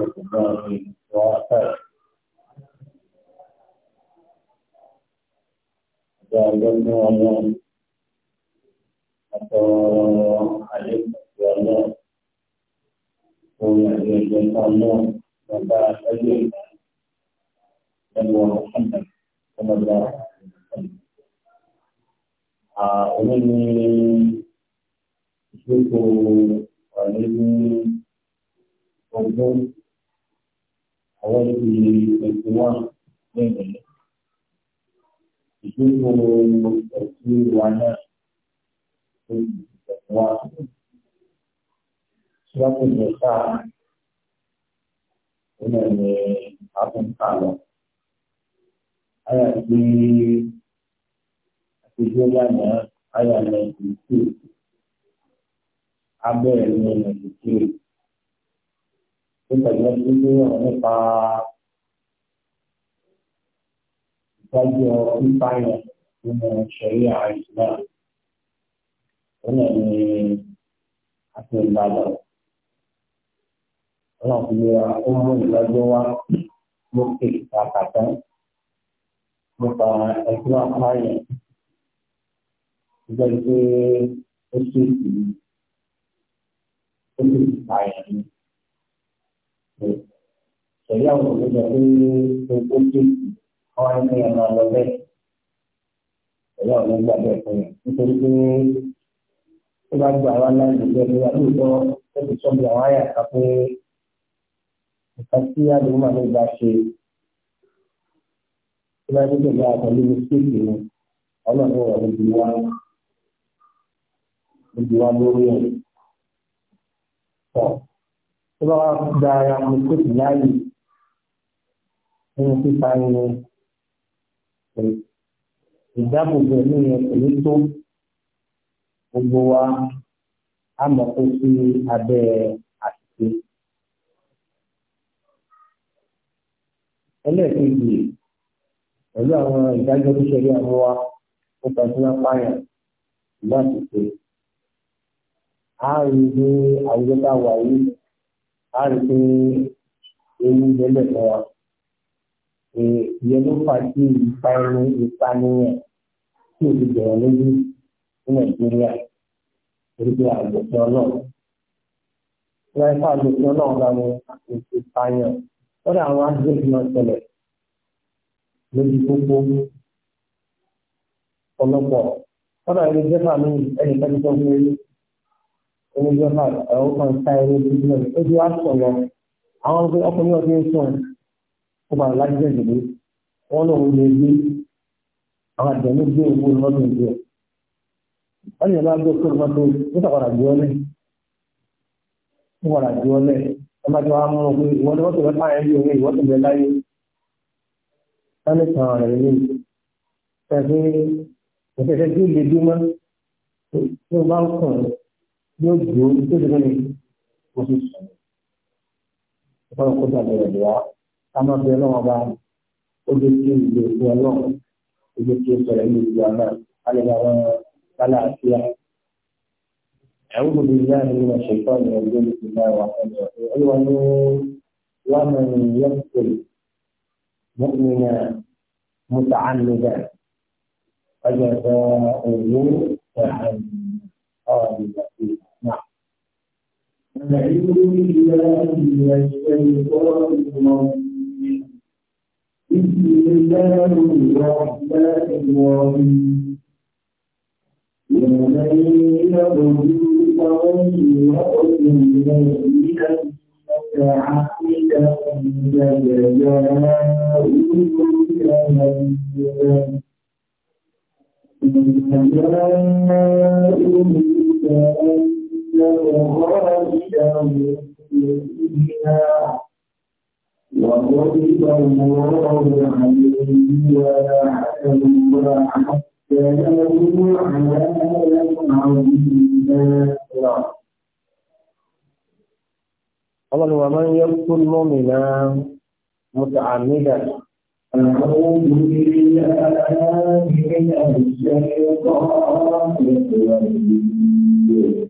ورحمة الله وبركاته atau alim ya Allah punya dia kamu maka alim dan Muhammad sallallahu ah ini itu ini untuk àwọn ibi ètò wọn ní ìrìn. Ìdúró ẹ̀sìn wa náà ló ti tẹ̀sán wa. Síwájú ìjọ sáà ó náà ní àtúntà lọ. Àyà tí àtijọ́ lánàá àyà náà ti tù. Abẹ́rẹ́ ní ẹ̀sìn kiri nípa ìyá tó gbé nípa ìdájọ́ pípa yẹn nínú ṣẹ̀rí àìsíná òun náà ni àti ìbàdàn wọn fi lera ó mú ìdájọ́ wá lókè kàkàtà nípa ẹ̀sìn àpáyẹ̀ ìjọba pé ó ṣèṣì ó ṣèṣì pààyàn ni. Jadi yang menjadi hukum orang yang melalui Jadi yang menjadi hukum Itu itu Sebab jalan lain juga dia itu Itu sebuah ayat tapi Pasti ada rumah negasi Sebab itu dia akan dimiskin ini Allah itu ada jual Jual durian So tó bá wá gba ara mi kó sì láàyè nínú pípa ẹni ìdáàbòbò ẹ̀mí yẹn pẹ̀lú tó gbogbo wa á mọ̀ kó sí abẹ́ àṣìṣe. ẹlẹ́ẹ̀kejì pẹ̀lú àwọn ìdájọ́ tó ṣẹlẹ̀ àwọn wa ó tọ́jú lápáyà láti ṣe. a rí i ní àwùjọ tá wà yìí a rí pé ewu lẹ́lẹ̀ fún wa ìyẹn ló fà sí ìpanu ìpànìyàn tí o ti bẹ̀rẹ̀ lójú ní nàìjíríà torí pé àgbẹ̀fẹ́ ọlọ́run wọ́n fà àgbẹ̀fẹ́ ọlọ́run bá mi àti ìpànìyàn lọ́dọ̀ àwọn agbègbè náà ṣẹlẹ̀ lójú pópó ọlọ́pọ̀ lọ́dọ̀ ẹni jẹ́fà mi ẹnìkan tó ń gbé oníjọ́ náà ẹ̀rọ kan ta ẹrú ojú náà ó di aṣọ lọ àwọn ọgbẹ́ ọkùnrin ọdún ń sùn ó máa lájẹ́ ìdílé wọn lòun lè gbé àwọn àjẹmí gbé owó lọ́dún ìdí ẹ̀ wọ́n yẹn bá gbé kúrò mọ́tò nígbà padà gbé ọ lẹ̀ nígbà padà gbé ọ lẹ̀ ẹ má ti wá pé ìwọ ni wọ́n tó fẹ́ fáyà ń yí orí tó fẹ́ láyé wọ́n lè tàn rẹ̀ lé ẹ̀ tí ó lè dúmọ́ tó bá ń kàn yóò jó tó ti lóye kó sì sùn. ìfọwọ́ kó dàbí rẹ̀ lọ́wọ́ ká má bẹ lọ́wọ́ bá ó lè ké ìlú ìlú ọlọ́run ó lè ké sọ̀rọ̀ ìlú ìlú ọ̀nà alẹ́gbà wọn kálá àfíà. أعوذ بالله من الشيطان الرجيم بسم الله الرحمن الرحيم أيها ومن يقتل مؤمنا متعمدا فجزاؤه جهنم خالدا فيها أعوذ بالله من الشيطان الرجيم بسم الله الرحمن الرحيم ومن يرجو فمن يقدم إليه متعمدا فجزاؤه جهنم إن جزاؤه كأن غاليا Ọlọ́run wa máa ń yẹ kó lọ́mì náà mo Àwọn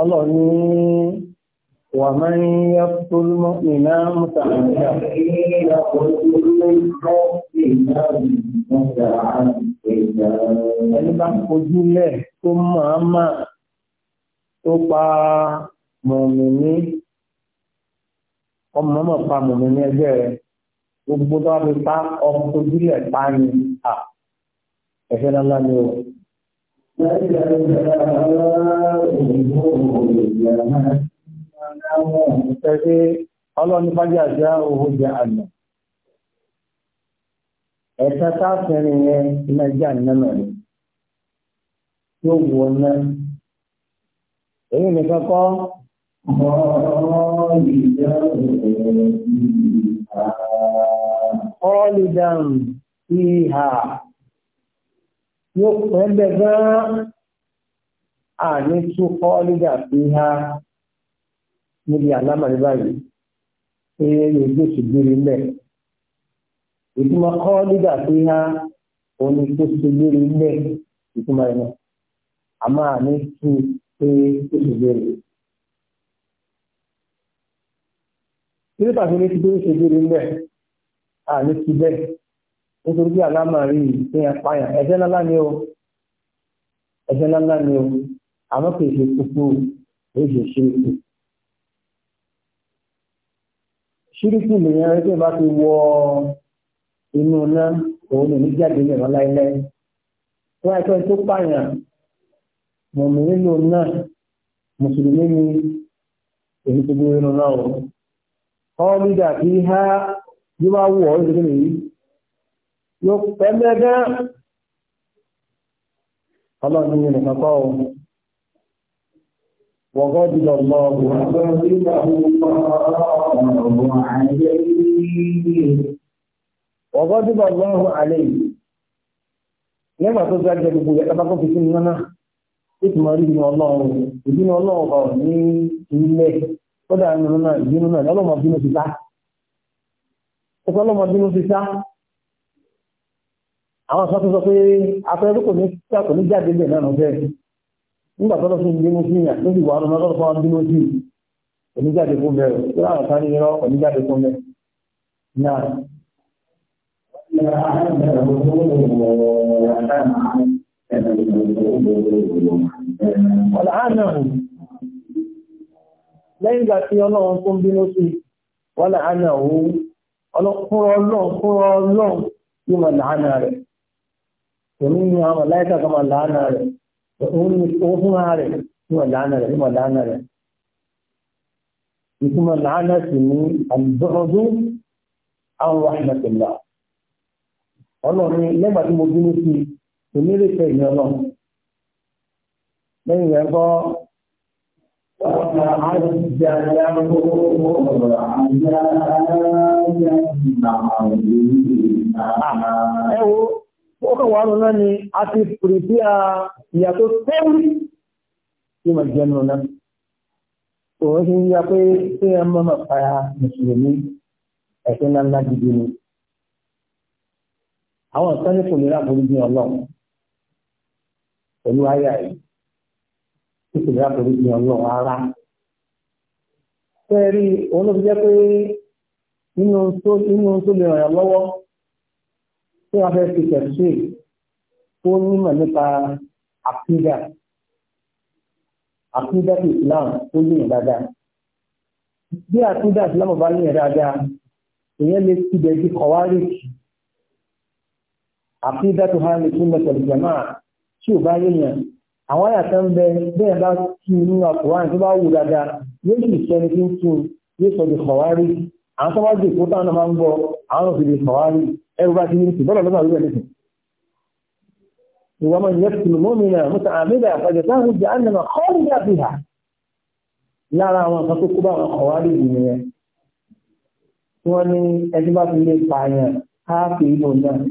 Ọlọ́ni wà máa ń yẹ fúrúmọ́ ìná mú tààrí ẹni bá fojú lẹ̀ tó máa máa tó pa mọ̀mìnì ọmọ mọ̀ pa mọ̀mìnì ẹgbẹ́ rẹ̀ gbogbo tó wá fi pa ọmọ fojú lẹ̀ pa ni à ẹ̀fẹ́ ńlá ni o. Ẹ̀sìn ọlọ́run bá jà já owó jẹ àná. ẹ̀ka káfíìnrin yẹn iná jà nánà ni yóò wọ ná èyí nìkan kọ́. Ọ́ọ́lì dáhùn sí ìhà yóò pẹ́ bẹ́ gan-an àní tú ọ́ọ́lì ìtumọ̀ kọ́ nígbà onye ha òun tó ṣe lérí lẹ̀ ìtumọ̀ ẹ̀ náà a máa ní tú pé tó ṣe lérí. Kíló tàbí ní ti tó ṣe lérí lẹ̀ a ní ti bẹ́ẹ̀ nítorí bí rí ìpín ẹ̀jẹ̀ ni o ẹ̀jẹ̀ inú iná òun lè ní jáde ní ìran láíláí wọ́n yẹ kí wọ́n tó pààyàn mọ̀mí nínú iná mùsùlùmí ni èyí tó gbé inú náà o ọ́lídà kí há yóò wá wù ọ́ ìdílé nìyí yóò pẹ́ mẹ́gá ọlọ́run ní nìkan kọ́ o wọ̀gọ́ dìbò lọ wọ́n ọgọdúbọ lọrùn alẹ́ yìí lẹ́gbà tó gbá jẹ gbogbo ẹ̀ka tó fi sínú otu tó ti máa rí ìbínú ọlọ́run ìbínú ọlọ́run ọ̀ ní ilẹ̀ kódà nínú náà ìbínú náà dị bínú ti sá ọkọ ọlọ́mọ àwọn sọ pé kò ní kò ní jáde náà nígbà tó Lẹ́yìn ìgbà tí ọlọ́run tó ń bínú sí, wọ́n làánà òun, ọlọ́kúnrọ ọlọ́run kúnrọ ọlọ́run tí wọ́n làánà rẹ̀. Òun ni àwọn láìsà kan máa làánà rẹ̀. Òun ni ó fún ara rẹ̀ tí wọ́n làánà rẹ̀, tí wọ́n làánà rẹ̀ ọlọ́run lẹ́gbàá tí mo bínú sí onírètò ìní ọlọ́run lẹ́yìn rẹ̀ gbọ́ ẹ wo ó kàn wà lọ́nà ni a ti pèsè ìyà tó tẹ́wì tí mo jẹ́ nù náà òun ṣe ń yá pé tí ẹ mọ́ mọ́ pa mùsùlùmí ẹ̀sìn ńlá gidi ni àwọn kan ní kò lè ráforíjì ọlọ́run pẹ̀lú àyà yìí tí kò lè ráforíjì ọlọ́run rárá. Fẹ́ẹ̀rí òun ló fi jẹ́ pé nínú ohun tó lè ràn yàn lọ́wọ́ tí wọ́n fẹ́ fi tẹ̀sí tó nímọ̀ nípa àkídà àkídà ti Islam tó lè yàn dáadáa. Bí àkídà Islam bá lè yàn dáadáa, èèyàn lè ti bẹ̀ di kọ̀wárìkì àfíìdátò hàn lè túnbẹ̀ pẹ̀lú jama tí ò bá yéèyàn àwọn àyàtọ̀ ń bẹ bẹ́ẹ̀ bá kí inú àkùrán tó bá wù dáadáa yóò sì sẹni tí ń tún yóò sọ di kọ̀wárí àwọn tó bá jẹ́ ìkó táwọn máa ń gbọ́ àwọn òfin di kọ̀wárí ẹrù bá ti ní ìsìn bọ́lá lọ́nà lórí ẹ̀nìkan. ìwà máa tó kó bá àwọn kọ̀wárí ìgbìyànjú wọn ni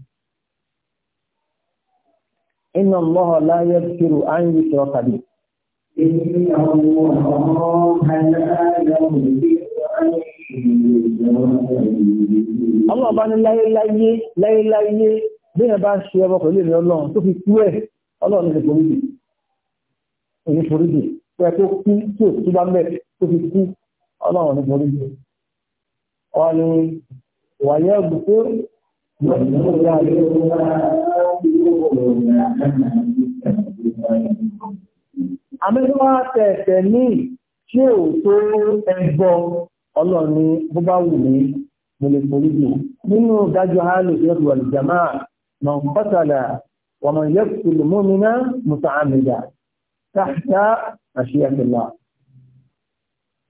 inna Allaha la yaghfiru an yushraka bihi. Allah bá ní láyé láyé bí ẹ bá ṣe ọmọ pẹ̀lú ìrìn ọlọ́run tó fi kú ẹ̀ ọlọ́run ní ìforíjì. Èyí foríjì pé tó kú tí ò bá mẹ́ tó fi kú ọlọ́run ní Wọ́n Àmẹ́sọ́wá tẹ̀ẹ̀tẹ̀ ní tí ò tó ẹgbọ ọlọ́ni bó bá wù ní mẹ́lẹ̀ polígbò. Nínú dájọ́ hálò yẹ́rù àlìjàmá na pátàlà wọ́n mọ̀ yẹ́ kùlù mọ́mìnà mùsàámìdà tàṣà àṣíyàtìlá.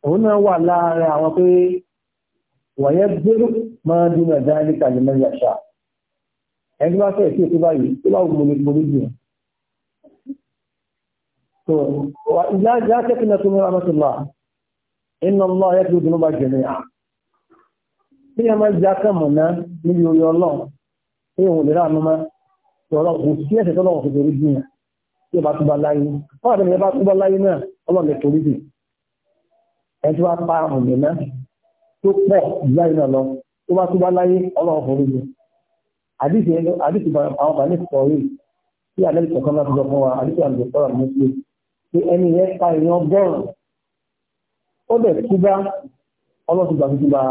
Òun náà wà láàárín àwọn pé wọ̀nyẹ́ gbérù máa dínà dáríkà lè mẹ́yàṣà ẹni bá fẹ́ sí ètò báyìí tó bá wù mọ̀lẹ́ mọ̀lẹ́ jù so ìlà ìlà tẹ́kìnà tó mẹ́ra mọ́tòlá iná lọ ayé tó dùnú bá jẹ̀mẹ́ à tí a máa já kàn mọ̀ná níbi orí ọlọ́run tí òun lè ráàánú má tọ̀rọ̀ kò sí ẹ̀sẹ̀ tó lọ́wọ́ fòfòrí jù tí ó bá túbọ̀ láyé ọlọ́run lè jù àdìsí àdìsí àwọn bàálẹ̀ sọ̀rí tí àlẹ́ ìṣọ̀kan láti sọ fún wa àdìsí àlẹ́ sọ̀rọ̀ mọ́sílẹ̀ pé ẹni yẹn pa èèyàn ọgọ́rùn-ún ó dẹ̀ túbá ọlọ́sùn gbà tuntun bá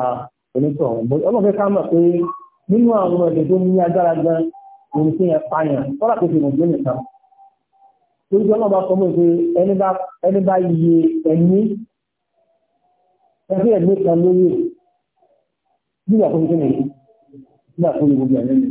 onítọ̀ ọlọ́fẹ́ ká mọ̀ pé nínú àwọn ẹ̀dẹ̀ tó ní agbára gan òun sí yẹn pààyàn tọ́lá tó fi mọ̀ gbé nìkan torí pé ọlọ́ba sọ pé ẹni bá yẹ ẹ̀mí ẹgbẹ́ ẹ̀mí kan lóye nígbà tó ń gbé nìyí nígbà tó ń gbé nìyí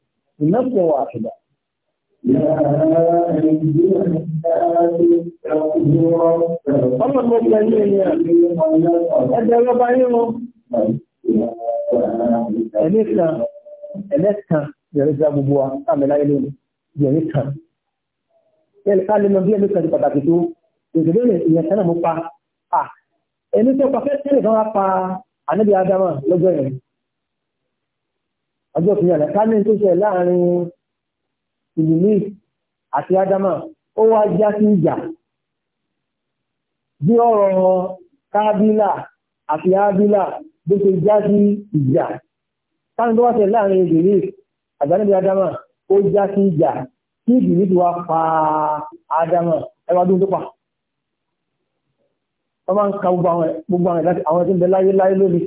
بنفس واحدة Ọmọ mo pẹ̀ ní ẹni ẹ̀dẹ̀ ọlọ́ba yíò ẹni kan tó, ìgbèrè ìyẹn kan wá pa ànábì Ádámà lọ́jọ́ yẹn ọjọ́ kìíní ọ̀nà ká ní tó ṣe láàrin ìlúmí àti ádámà ó wá já sí ìjà bí ọ̀rọ̀ kábílà àti ábílà bó ṣe já sí ìjà káàkiri tó wá ṣe láàrin ìlúmí àgbàníbi ádámà ó já sí ìjà kí ìlúmí ti wá pa ádámà ẹwà dúró tó pa wọ́n máa ń ka gbogbo àwọn ẹ̀dá àwọn ẹ̀dá láyé láyé lónìí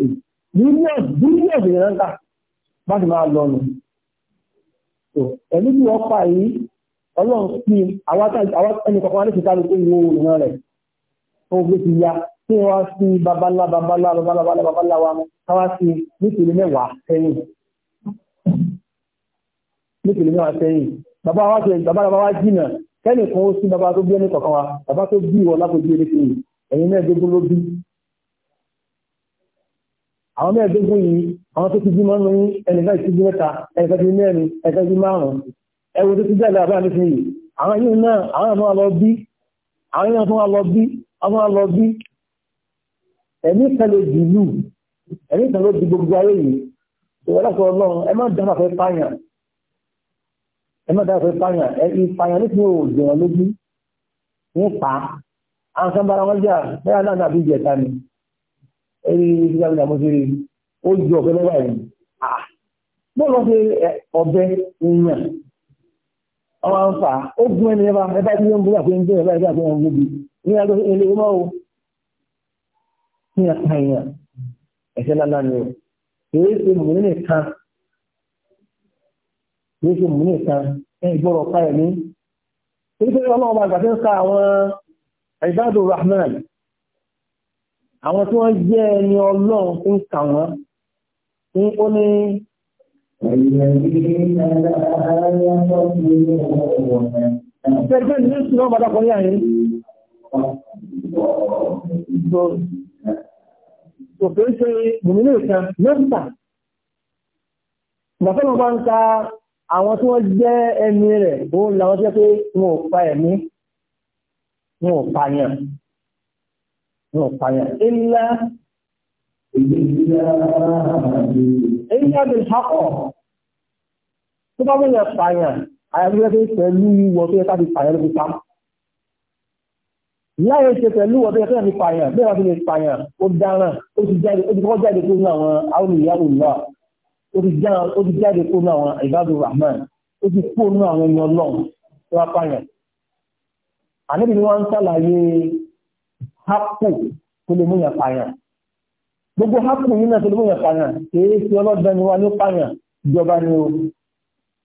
bílíọ̀nù bílíọ̀nù ìrántà bá ti máa lọ́nu ẹ̀lú bí wọ́n pa yìí ọlọ́run sí ẹni kọ̀kan wá ní ṣìta lókè wo ìran rẹ̀ tó gbé ti ya tí wọ́n sí babalá babalá babalá babalá wa káwá sí nítorí mẹ́wàá sẹ́yìn nítorí mẹ́wàá sẹ́yìn bàbá wa ṣe bàbá bàbá wa jìnà kẹ́nìkan ó sí bàbá tó bí ẹni kọ̀kan wa bàbá tó bí ìwọ lápò bí ẹni kìí ẹ̀yin náà dógún ló bí àwọn mẹ́ẹ̀ẹ́dógún yìí àwọn tó ti bí mọ́nú yín ẹnìkan ti bí mẹ́ta ẹnìkan ti mẹ́rin ẹnìkan ti márùn-ún ẹwọ tó ti jáde àbá nísìn yìí àwọn yìí náà àwọn àmọ́ lọ bí àwọn yìí náà lọ bí àwọn lọ bí ẹ̀mí kan ló di ìlú ẹ̀mí kan ló di gbogbo ayé yìí ìwọ́lọ́sọ̀ ọlọ́run ẹ má dáná fẹ́ pààyàn ẹ má dáná fẹ́ pààyàn ìpààyàn ní fún òògùn ọlójú ní pa àwọn kan bára wọn jà bẹ́ẹ̀ náà nàbí ìjẹta ni ẹni ìgbà mi làmọ́ sí rí ó ju ọ̀bẹ lọ́wọ́ yìí bó lọ sí ọ̀bẹ ìyàn ọmọ àǹfà ó gún ẹni ẹba ẹba tí ó ń búra pé ń bẹ̀rẹ̀ báyìí àti ọmọ gbogbo ní adó ilé ọmọ o ní apá ìyàn ẹ̀ṣẹ̀ lálá ni o kìí ṣe mùmí nìkan kìí ṣe mùmí nìkan ẹ̀ gbọ́dọ̀ pa ẹ̀mí kìí ṣe ọlọ́run àgbà tí ń ka àwọn ìbádùn rahman àwọn tí wọ́n jẹ́ ẹni ọlọ́run tí ń kà wọ́n ní ó ní Ìgbẹ́gbẹ́ ní ìṣúná ọmọdé ọkùnrin àárín. Òkè ṣe ìgbìmínú ìkan mẹ́ta. Ìgbàfẹ́ bá ń ta àwọn tí wọ́n jẹ́ ẹni rẹ̀, ó làwọn tí wọ́n pa ẹ̀mí, wọn ò pààyàn wọn pààyàn ilẹ̀ ilẹ̀ bí hákọ̀ tó bá wọ́n pààyàn àyàgbẹ́gbẹ́ pẹ̀lú wọ́n tó yẹ káàkiri pààyàn lókè pa láyé ṣe pẹ̀lú wọ́n tó yẹ káàkiri pààyàn bẹ́ẹ̀ wọ́n tó yẹ pààyàn ó dáràn ó ti jáde ó ti kọ́ jáde kó ní àwọn àwọn ìyáwó ìlà ó ti dáràn ó ti jáde kó ní àwọn ìbádùn rahman ó ti kó ní àwọn ẹni ọlọ́run tó wá pààyàn àníbi ni wọ́n ń sàlàyé hápù tó lè panya. yàn pààyàn gbogbo hápù yìí náà tó lè mú yàn pààyàn kìí ṣe ọlọ́dẹni wa ní pààyàn ìjọba ni o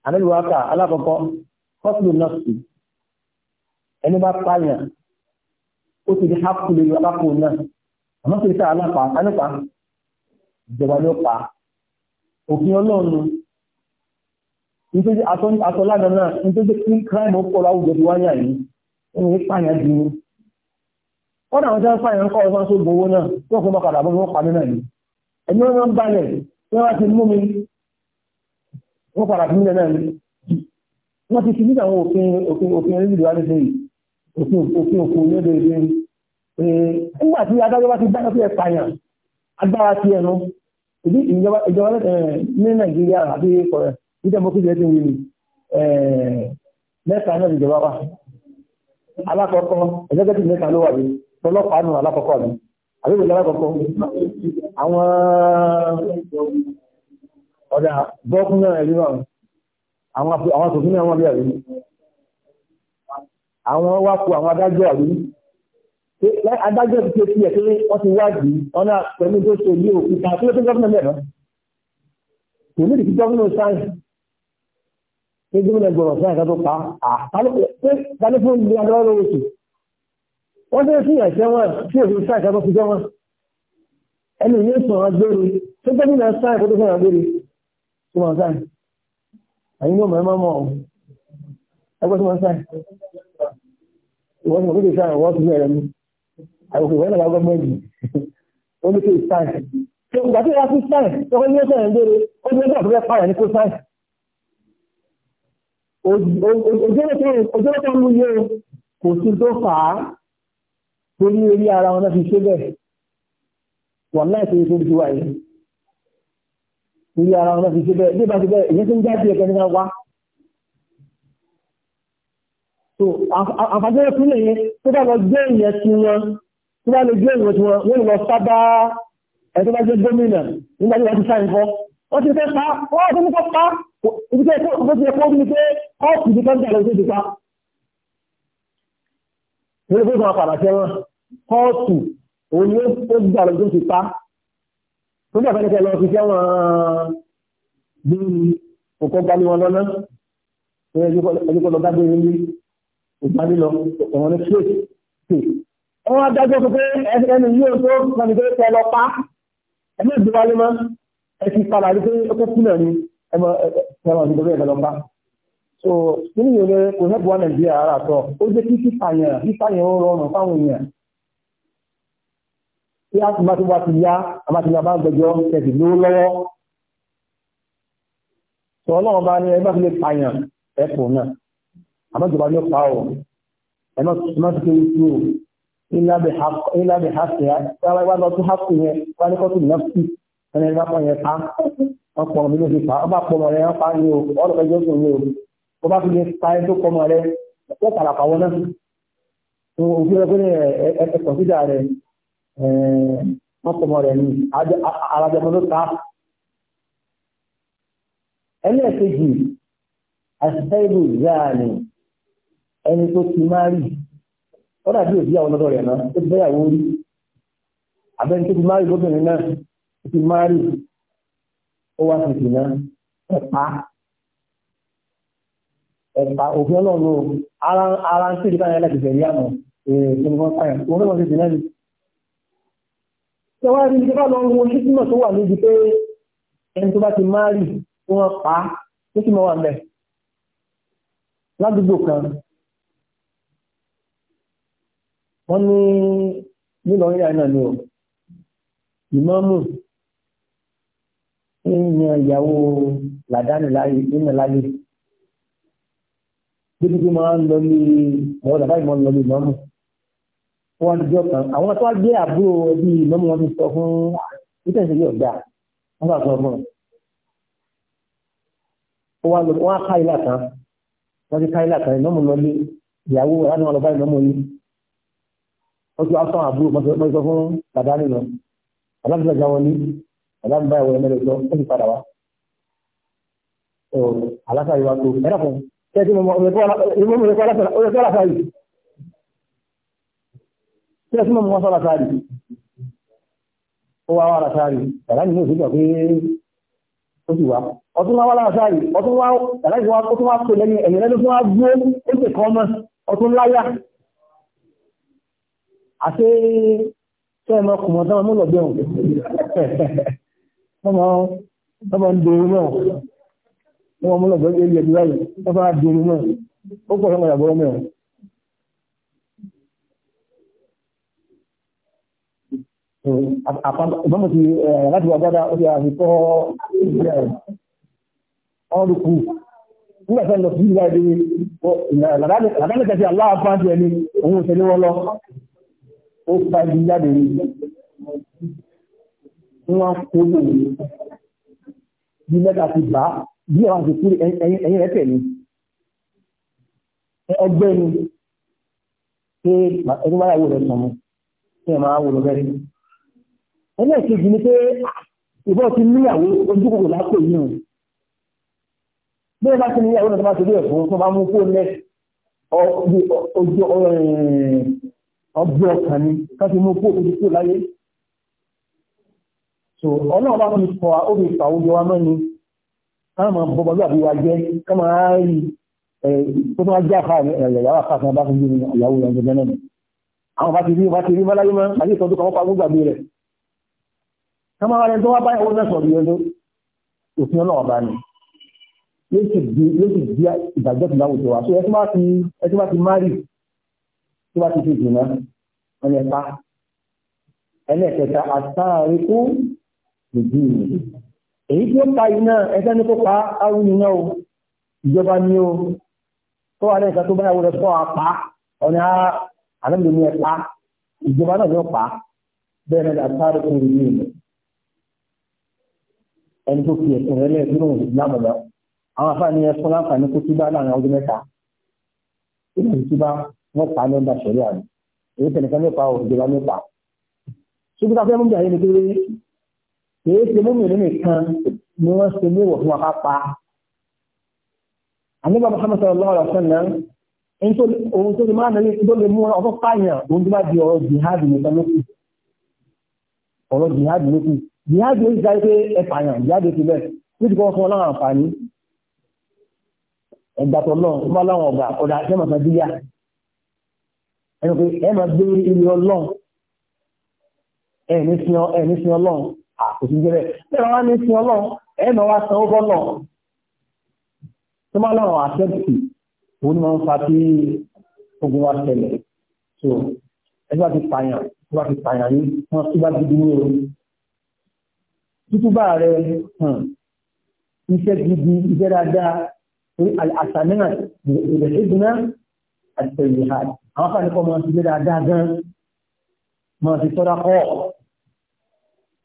àmìlúwàkà alákọ̀ọ́kọ́ kọ́sùlù nọ́ọ̀sì ẹni bá pààyàn ó ti di hápù lórí alápò náà àmọ́ kìí ṣe alápàá alápàá ìjọba ló pa òfin ọlọ́run nítorí asọ́lá náà nítorí kí crime ó pọ̀ láwùjọ ti wáyà yìí ó ní pààyàn dín kọ́nà àwọn tí wọ́n fàyàn ń kọ́ ọgbọ́n tó gbowó náà tó kó mọ́kàdà bọ́ wọ́n pa mí náà ni ẹni wọ́n ń balẹ̀ tí wọ́n ti mú mi wọ́n padà fún mi náà ni wọ́n ti fi nígbà àwọn òfin òfin òfin orílẹ̀-èdè wa lẹ́sẹ̀ yìí òfin òfin òfin lẹ́dọ̀ èdè nígbà tí adájọ́ bá ti dáná sí ẹ̀pàyàn agbára sí ẹnu ìdí ìjọba ní Nàìjíríà àbí kọ̀rẹ́ ní democracy ẹ̀ ni mẹ́ta náà ìjọba wa alákọ̀ọ́kọ́ executive mẹ́ta ló wà lórí ọlọ́pàá nù alákọ̀ọ́kọ́ mi àbíwò lálákọ̀ọ́kọ́ àwọn ọ̀dà bọ́ọ̀kún náà ẹ̀rí náà àwọn asòfin náà wọ́n bí ẹ̀rí àwọn wá kó àwọn adájọ́ àrí adájọ́ ti fi ẹ̀ pé wọ́n ti wádìí ọ̀nà pẹ̀lú tó so yí òkú ta kí ló tó gọ́ọ̀nà mẹ́rin kò ní ìdíkí gọ́ọ̀nà sáyẹn pé gómìnà gbọ̀rọ̀ sáyẹn ká tó pa àtàlùkù pé dánífún ní adọ́rọ̀ oṣù wọ́n tẹ́ sí ẹ̀ṣẹ́ wọn tí èdè sáàkà tó fi jọ wọn ẹni ní ìsìn àwọn agbére tó tẹ́ nínú sáà kó tó fẹ́ agbére tó wọn sáà àyín ní ọmọ ẹ máa mọ ọ̀hún ẹgbẹ́ tó wọn sáà ìwọ́n tó wọn sáà wọ́n tó bẹ̀rẹ̀ mi àwòkè wọ́n náà gbọ́ mẹ́jì ó ní kí sáà tó ìgbà tó yà sí sáà tó wọ́n ní ẹ̀ṣẹ́ ẹ̀ ó ní ẹ̀ṣẹ́ àtúbẹ̀ pààyàn ní kó sáà òjò ló tó ń mú yé kò sí tó fà á torí orí ara wọn náà fi ṣe bẹ́ẹ̀ wọ́n láì tó tó ti wà yìí orí ara wọn náà fi ṣe bẹ́ẹ̀ bí bá ti bẹ́ẹ̀ èyí tó ń jáde ẹ̀kẹ́ nínú wa so àfàjẹ́rẹ́ fún èyí tó bá lọ gbé ìyẹn tí wọn tó bá lọ gbé ìyẹn tí wọn wọ́n lọ sábà ẹ̀ tó bá jẹ́ gómìnà nígbà tí wọ́n ti sáyìn fọ́ wọ́n ti fẹ́ pa wọ́n àti nípa pa ibi tẹ́ ó ti ẹ̀kọ́ ní pé ọ́ọ̀kì ní kọ́ńtà lọ ti pa. Ní ọjọ́ ìgbà tẹ́wọ̀n, kóòtù òun ni ó gbà lọ́jọ́ ti pa tó gbà fẹ́lẹ́fẹ́ lọ fi sẹ́wọ̀n bí òkò gbani wọn lọ́nà ẹni kọ́ lọ bá gbére ní ìgbani lọ ẹ̀wọ̀n ní fúlẹ̀ tè ẹ̀wọ̀n adájọ́ sọ pé ẹni yóò tó sani pé kẹ́ lọ pa ẹni ìgbé wálé mọ́ ẹ ti padà rí pé ó tó kú náà ni ẹ̀wọ̀n ti gbé ẹ̀ lọ pa so nínú ìwé kò hẹ́pù wá nàìjíríà rà tọ̀ ó jẹ́ kí fífàyàn fífàyàn ó rọrùn fáwọn èèyàn tí a ti bá tó bá ti yá abátìlá bá gbẹjọ́ kẹsì ló lọ́wọ́ sọ ọlọ́run bá ní ẹgbẹ́ tó lè pààyàn ẹ̀pọ̀ náà àmọ́jọba ló pa ọ̀ ẹ̀mọ́ tó kéwì tó ìlàbẹ̀ hàṣẹ yára wá lọ tó hàṣẹ yẹn wá ní kọ́tù náà sí ẹni ẹgbẹ́ pọ̀ yẹn pa wọn pọ̀ mí ló fi pa ọba pọ̀ mọ̀ rẹ̀ wọn pa ní o ọlọ́pẹ́ jọ́ sùn o ó bá fi lè pa ẹni tó pọ̀ mọ̀ rẹ̀ wọ́n pàlàpà wọn náà òfin ẹgbẹ́ ẹ̀ ẹ̀ wọ́n eh, tọmọ rẹ̀ ní alájọmọ ló ta. ẹlẹ́ẹ̀kejì àṣìṣẹ́ìlú zaani ẹni tó ti máa rí ó dàbí òbí àwọn ọlọ́dọ̀ rẹ̀ náà tó bẹ́yàwó rí abẹ́ni tó ti máa rí lóbìnrin náà tó ti máa rí ó wá sí ìdìnnà ẹ̀pá ẹ̀pá òfin ọlọ́run ara ń ṣèlérí báyìí láti bẹ̀rẹ̀ yàmọ̀ èèyàn tó ń wọ́n pààyàn òun náà wọ́n ti dìnnà rí tẹwàá rí ìjọba lọ wo ṣíkímọ̀ tó wà níbi pé ẹni tó bá ti máa rí wọn pa á tó sì mọ́ wà mẹ́ ládùúgbò kan wọ́n ní nílọrin àìnà ni ò ìmọ́mù èèyàn ìyàwó làdánù nínú láyé débi tí máa ń lọ ní ọ̀rọ̀ wọn jọ kan àwọn tó wá gbé àbúrò ẹbí ìmọ̀mù wọn ti sọ fún peter ṣe yóò dáa wọn bá sọ fún un wọn á ká ilà kan wọn ti ká ilà kan ìmọ̀mù lọlé ìyàwó láti wọn lọ bá ìmọ̀mù yìí wọn ti wá sọ àbúrò wọn sọ fún bàbá nínú alábìlẹ̀ jà wọn ní alábìlẹ̀ báyìí wọn mẹ́rin sọ wọn ti padà wá alákàyè wa tó ẹ̀rọ fún un kẹ́ẹ̀tì tí ẹ súnmọ́ wọn sọ́ra sáàrì ó wá wára sáàrì tàbí ní òṣèlú pé ó sì wá ọtún wá wára sáàrì ọtún wá tàbí wá ó tún wá pè lẹ́yìn ẹ̀yìn lẹ́nu tún wá gbó ó sì kọ́ ọmọ ọtún láyà àti tẹ́ ẹ mọ kùmọ̀ tán mọ́ lọ́gbẹ́ òun ọmọ ọmọ ń dèrò náà wọ́n mọ́ lọ́gbẹ́ ẹ̀yẹ̀ bí dèrò náà ó pọ̀ sọ́mọ ìyàgbọ́ mẹ́rin vamos lá ìbámu ti láti wà gbádá ó ti àfikọ́ ọdún kù nígbà tẹ́ lọ sí ìlú àìdí làdánìkà sí aláà lá ẹni òun òṣèlú wọn lọ ó fa ibi jáde rí wọn kó lò ní bí mẹ́ta lá bá bí àwọn àti kúrò ẹ̀yìn ẹ̀tẹ̀ ni ọgbẹ́ ni pé ẹni wáyà wò rẹ̀ sọ̀mù kí ẹ máa wò lọ bẹ́rẹ̀ ẹlẹ́ẹ̀kejì ni pé ìbọn ti níyàwó ojú kòkò lápò yìí o bí wọ́n bá ti níyàwó náà tó bá ti rí ẹ̀fọ́ tó bá mú kó lẹ́ ọjọ́ ọkàn ni káfí mú kó ojú kó láyé so ọlọ́run bá fi fọ omi ìfà oúnjẹ wa mọ́ni ká máa bọ́bọ́ lóàbí wa jẹ́ ká máa rí tó tó wá jẹ́ àfà ìyàwó àfà kan bá fi yé ìyàwó ìyàwó ìyàwó ìyàwó àwọn bá ti rí bá ti rí mọ́láyé mọ́ àyè ìtọ́jú kan wọ́n pa gbogbo àbí rẹ̀ kama wà lẹ́nu tó wá báyàwó náà sọ̀rọ̀ yẹn tó òfin ọlọ́wọ́ ni ní yóò sì di ìdájọ́ tó so ẹ tó bá ti ẹ tó pa ẹlẹ́ẹ̀kẹta àtàrí kú lòdì ìlú èyí tí ó pa iná ẹgbẹ́ ní kó pa áwùn iná o ìjọba ni o tó wà lẹ́ẹ̀kan tó báyàwó rẹ̀ fọ́ apá ọ̀nà àlẹ́ mi ní ẹ̀ pa ìjọba náà ni ó pa bẹ́ẹ̀ ẹni tó fi ẹ̀sùn rẹ̀ lẹ́ẹ̀dúró ìsìlámù lọ àwọn afáàní ẹ̀sùn láǹfààní kó túbá láàrin ọdún mẹ́ta ìlú ìtúbá wọ́n pa nọ́mbà ṣẹ̀rí àná èyí tẹ̀lé kan nípa òjòba nípa ṣùgbọ́n tá fẹ́ mú bíi àyẹ̀lẹ́ pé kìí ṣe mú mìíràn nìkan ni wọ́n ṣe léwọ̀ fún apá pa àníbà Muhammad sallallahu alaihi wasallam ohun tó lè máa nàlẹ́ tó lè mú ọkọ̀ pààyàn òun tó bá di ọ̀rọ̀ jihad nìkan lókù ọ̀rọ̀ jihad ló jáde pé ẹ̀pàyàn jáde ti bẹ́ẹ̀ nítorí kọ́ fún ọlọ́run àǹfààní ẹ̀gbàtọ̀ náà ó bá láwọn ọ̀gá ọ̀dà ẹ̀mọ̀ kan díyà ẹni pé ẹ máa gbé ilé ọlọ́run ẹ̀ẹ̀ni sin ọlọ́run àkóso jẹ́rẹ̀ bẹ́ẹ̀ wọ́n á ní sin ọlọ́run ẹ̀ẹ̀mọ̀ wá san owó náà tó máa lọ́rùn àṣẹ́kì òun ni wọ́n ń fa kí ogun wa ṣẹlẹ̀ so ẹgbẹ́ ti pààyàn tó bá ti pààyàn yìí wọ́n tó bá ti dúró tútúbà rẹ̀ hàn iṣẹ́ gidi iṣẹ́ dáadáa torí àṣàmìnà ìrẹ̀lẹ̀ ìdúná àti ìrìnà àwọn afánikọ́ máa ti gbéra dáadáa máa ti tọ́ra kọ́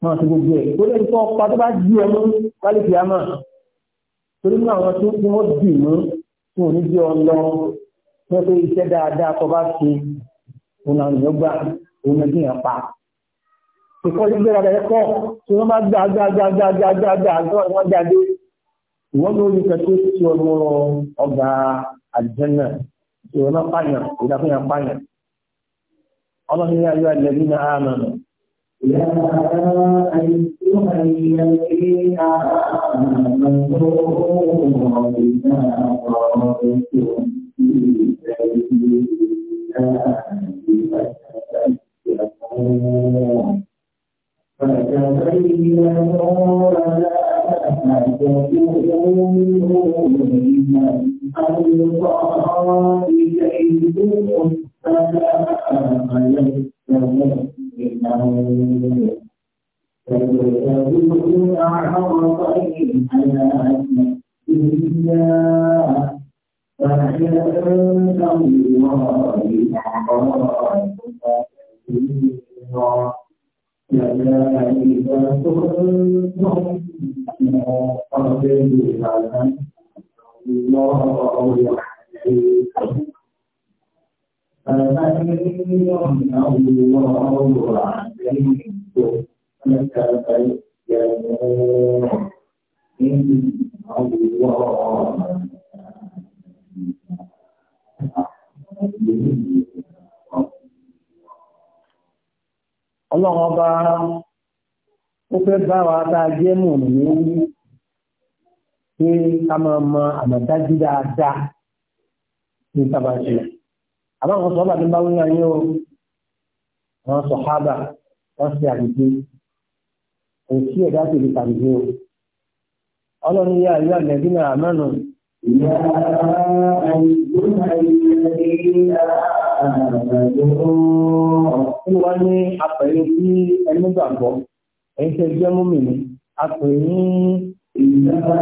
máa ti gbogbo ẹ̀ tó lè tọ́ pa tó bá jí ọmú wálé fi àmà torí mú àwọn tó tí wọ́n dì mú tí wọ́n ní bí ọ lọ wọ́n pé iṣẹ́ dáadáa kọ bá ṣe òun àwọn èèyàn gbà òun ẹgbẹ́ yẹn pa Ìkọ́ ti gbéra rẹ̀ kọ́ tí wọ́n bá gbà gbà gbà gbà gbà gbà gbà gbà wọ́n jáde. Ìwọ́n ló rí kẹ́ tó ti ọmọ ọgbà àjẹ́nà tí wọ́n náà pààyàn ìdáfẹ́yàn pààyàn. Ọlọ́run ní ayọ́ ẹ̀lẹ́bí náà á mọ̀. Ìyá Thank you. فتبين قولا أن تكونوا مؤمنين أن الله شيء فلا يستمر إنه فلتكون أعرض الحياة الدنيا فعند الله أعرض كثيرا كذلك كنتم من قبل ذلك الله يحييكم فمن يمن الله عليه فتبينوا إن الله ọlọ́run ọba ó fẹ́ bá wa tá a jẹ́ mọ̀ ní wí pé ká máa mọ àmọ̀dájú dáadáa ní sábà ṣẹlẹ̀ àbáwọn sọ́ọ́bà tó bá wúyà yín o wọn sọ hábà wọn ṣe àdìgbé kò sí ẹ̀dá tó lè tàbí o ọlọ́run yá ìlú àgbẹ̀dínà àmọ́nà ìyá àwọn ìgbóhùn àìyí Kí wá ní apẹ̀lẹ̀ sí ẹni gbàgbọ́, ẹni tẹ́ jẹ́ múmi ni, a pè ní ìjọba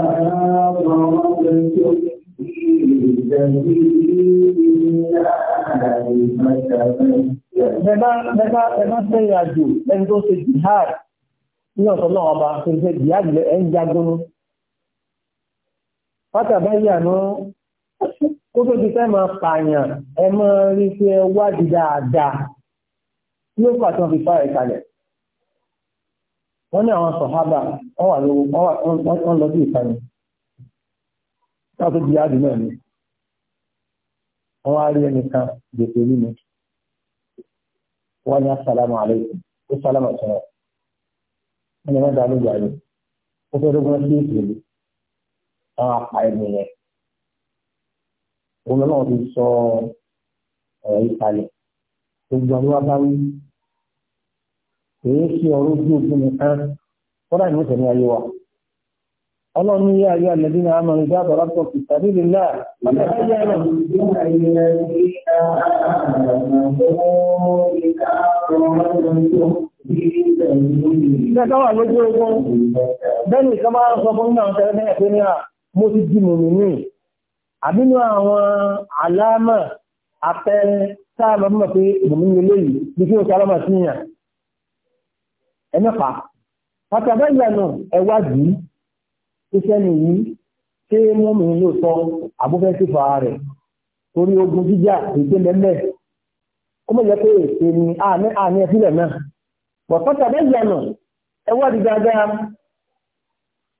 Ẹgbá sẹ́yìn àjò ẹni tó ṣe jihad ní ọ̀sán náà ọba tó ṣe jihad lẹ́ ẹ̀ ń jagun kó tó ti fẹ́ máa pààyàn ẹ máa rí pé ẹ wádìí dáadáa yóò pàtàn fi fáyà ìkàlẹ̀ wọ́n ní àwọn sọ̀hábà wọ́n wà lówó wọ́n lọ sí ìkàlẹ̀ náà tó di àdùn náà ni wọ́n wá rí ẹnìkan gbèsè nínú wọ́n ní asàlámù àlẹ́kùn ó sálámù sọ̀rọ̀ wọ́n ní wọ́n dá lójú àlẹ́ ó fẹ́ dógún sí ìṣèlú àwọn apá ẹ̀mí yẹn òun náà ti sọ ọ̀rọ̀ yìí kalẹ̀ gbogbo àlúwà bá wí èyí ṣe ọ̀rọ̀ ojú ogun nìkan kọ́dà ní ìṣẹ̀lẹ̀ ayé wa ọlọ́run ní ayé alẹ́bí ní àmọ́ ìgbà àbọ̀rọ̀ tó fi tàbí lè náà àbẹ̀rẹ̀ náà Ìjẹ́káwà lójú ogun, bẹ́ẹ̀ ni ìkọ́ máa ń sọ fún náà tẹ́lẹ̀ mẹ́rin pé ní à, mo ti di mùmí ní àbínú àwọn àlámà àpẹẹrẹ sáàmà mọ̀ pé ìbòmínú eléyìí bí kí o sálámà sí yàn ẹnẹ́fà pàtàkì ìlànà ẹwádìí iṣẹ́ nìyí ṣé mọ́mí ló sọ àbúfẹ́ sí fàá rẹ̀ torí ogun jíjà èdè lẹ́lẹ̀ ó mọ̀jẹ́ pé èmi àmì àmì ẹ̀sílẹ̀ náà pọ̀ pàtàkì ìlànà ẹwádìí dáadáa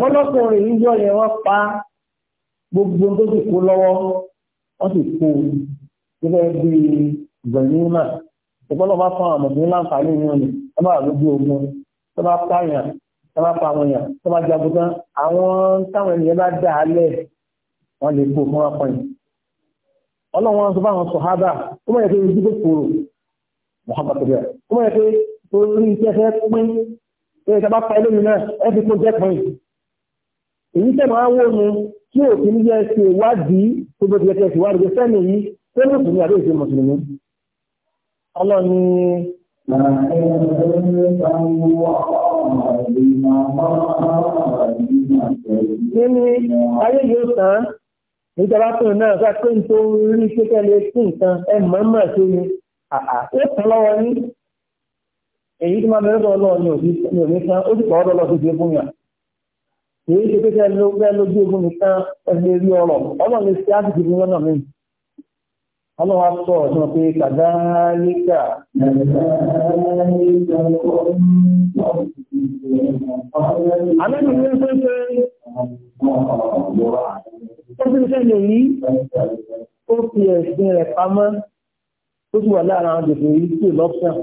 wọ́n lọ́kùnrin níjọ́ yẹn wọ́n pa gbogbo tó sì kó lọ́wọ́ wọ́n sì kó gẹ́gẹ́ bí gbẹ̀mímà ìpọ́n náà bá fún àwọn ọmọdé láǹfààní yìí wọn ni wọ́n bá lójú ogun tó bá pààyàn tó bá pa àwọn èèyàn tó bá jagun tán àwọn táwọn ènìyàn bá dà á lẹ̀ wọ́n lè kó fún apọ̀ yìí ọlọ́run sọ fáwọn sọ̀hábà ó mọ̀ yẹ pé ojú kòkòrò mọ̀hábà tó bẹ̀rẹ̀ ó mọ̀ yẹ pé torí iṣẹ́ fẹ́ pín ìyẹn ìjọba pa ilé mi náà kó jẹ́ pin èyí tẹ̀ máa wó mi tí òfin ní yẹn ṣe ìwádìí tó bó ti yẹ ṣe ìwádìí tó sẹ́ni yìí tó ní òfin àbí ìṣe mùsùlùmí ọlọ́ni. Kíni ayé yóò tán ìjọba tó náà fẹ́ pé nítorí pé kẹ́lẹ́ sí nǹkan ẹ mọ̀ọ́mọ̀ sí ni ó tán lọ́wọ́ yín èyí tí máa bẹ̀rẹ̀ tọ́ ọlọ́run ní òní kan ó sì kọ́ ọ́dọ́ lọ́sí ti fún yàn èyí ṣe pé kẹ́ ló fẹ́ lójú ogun nìkan ẹgbẹ́ rí ọrọ̀ ọlọ́run lè ṣe áàtì fún lọ́nà mi ọlọ́run á sọ ọ̀sán pé kàdáríkà àmẹ́ni ní ṣe ṣe ó fi ṣe lè rí ó fi ẹ̀sìn rẹ̀ pamọ́ ó sì wà lára àwọn jẹ̀fẹ̀ yìí sí lọ́pṣàn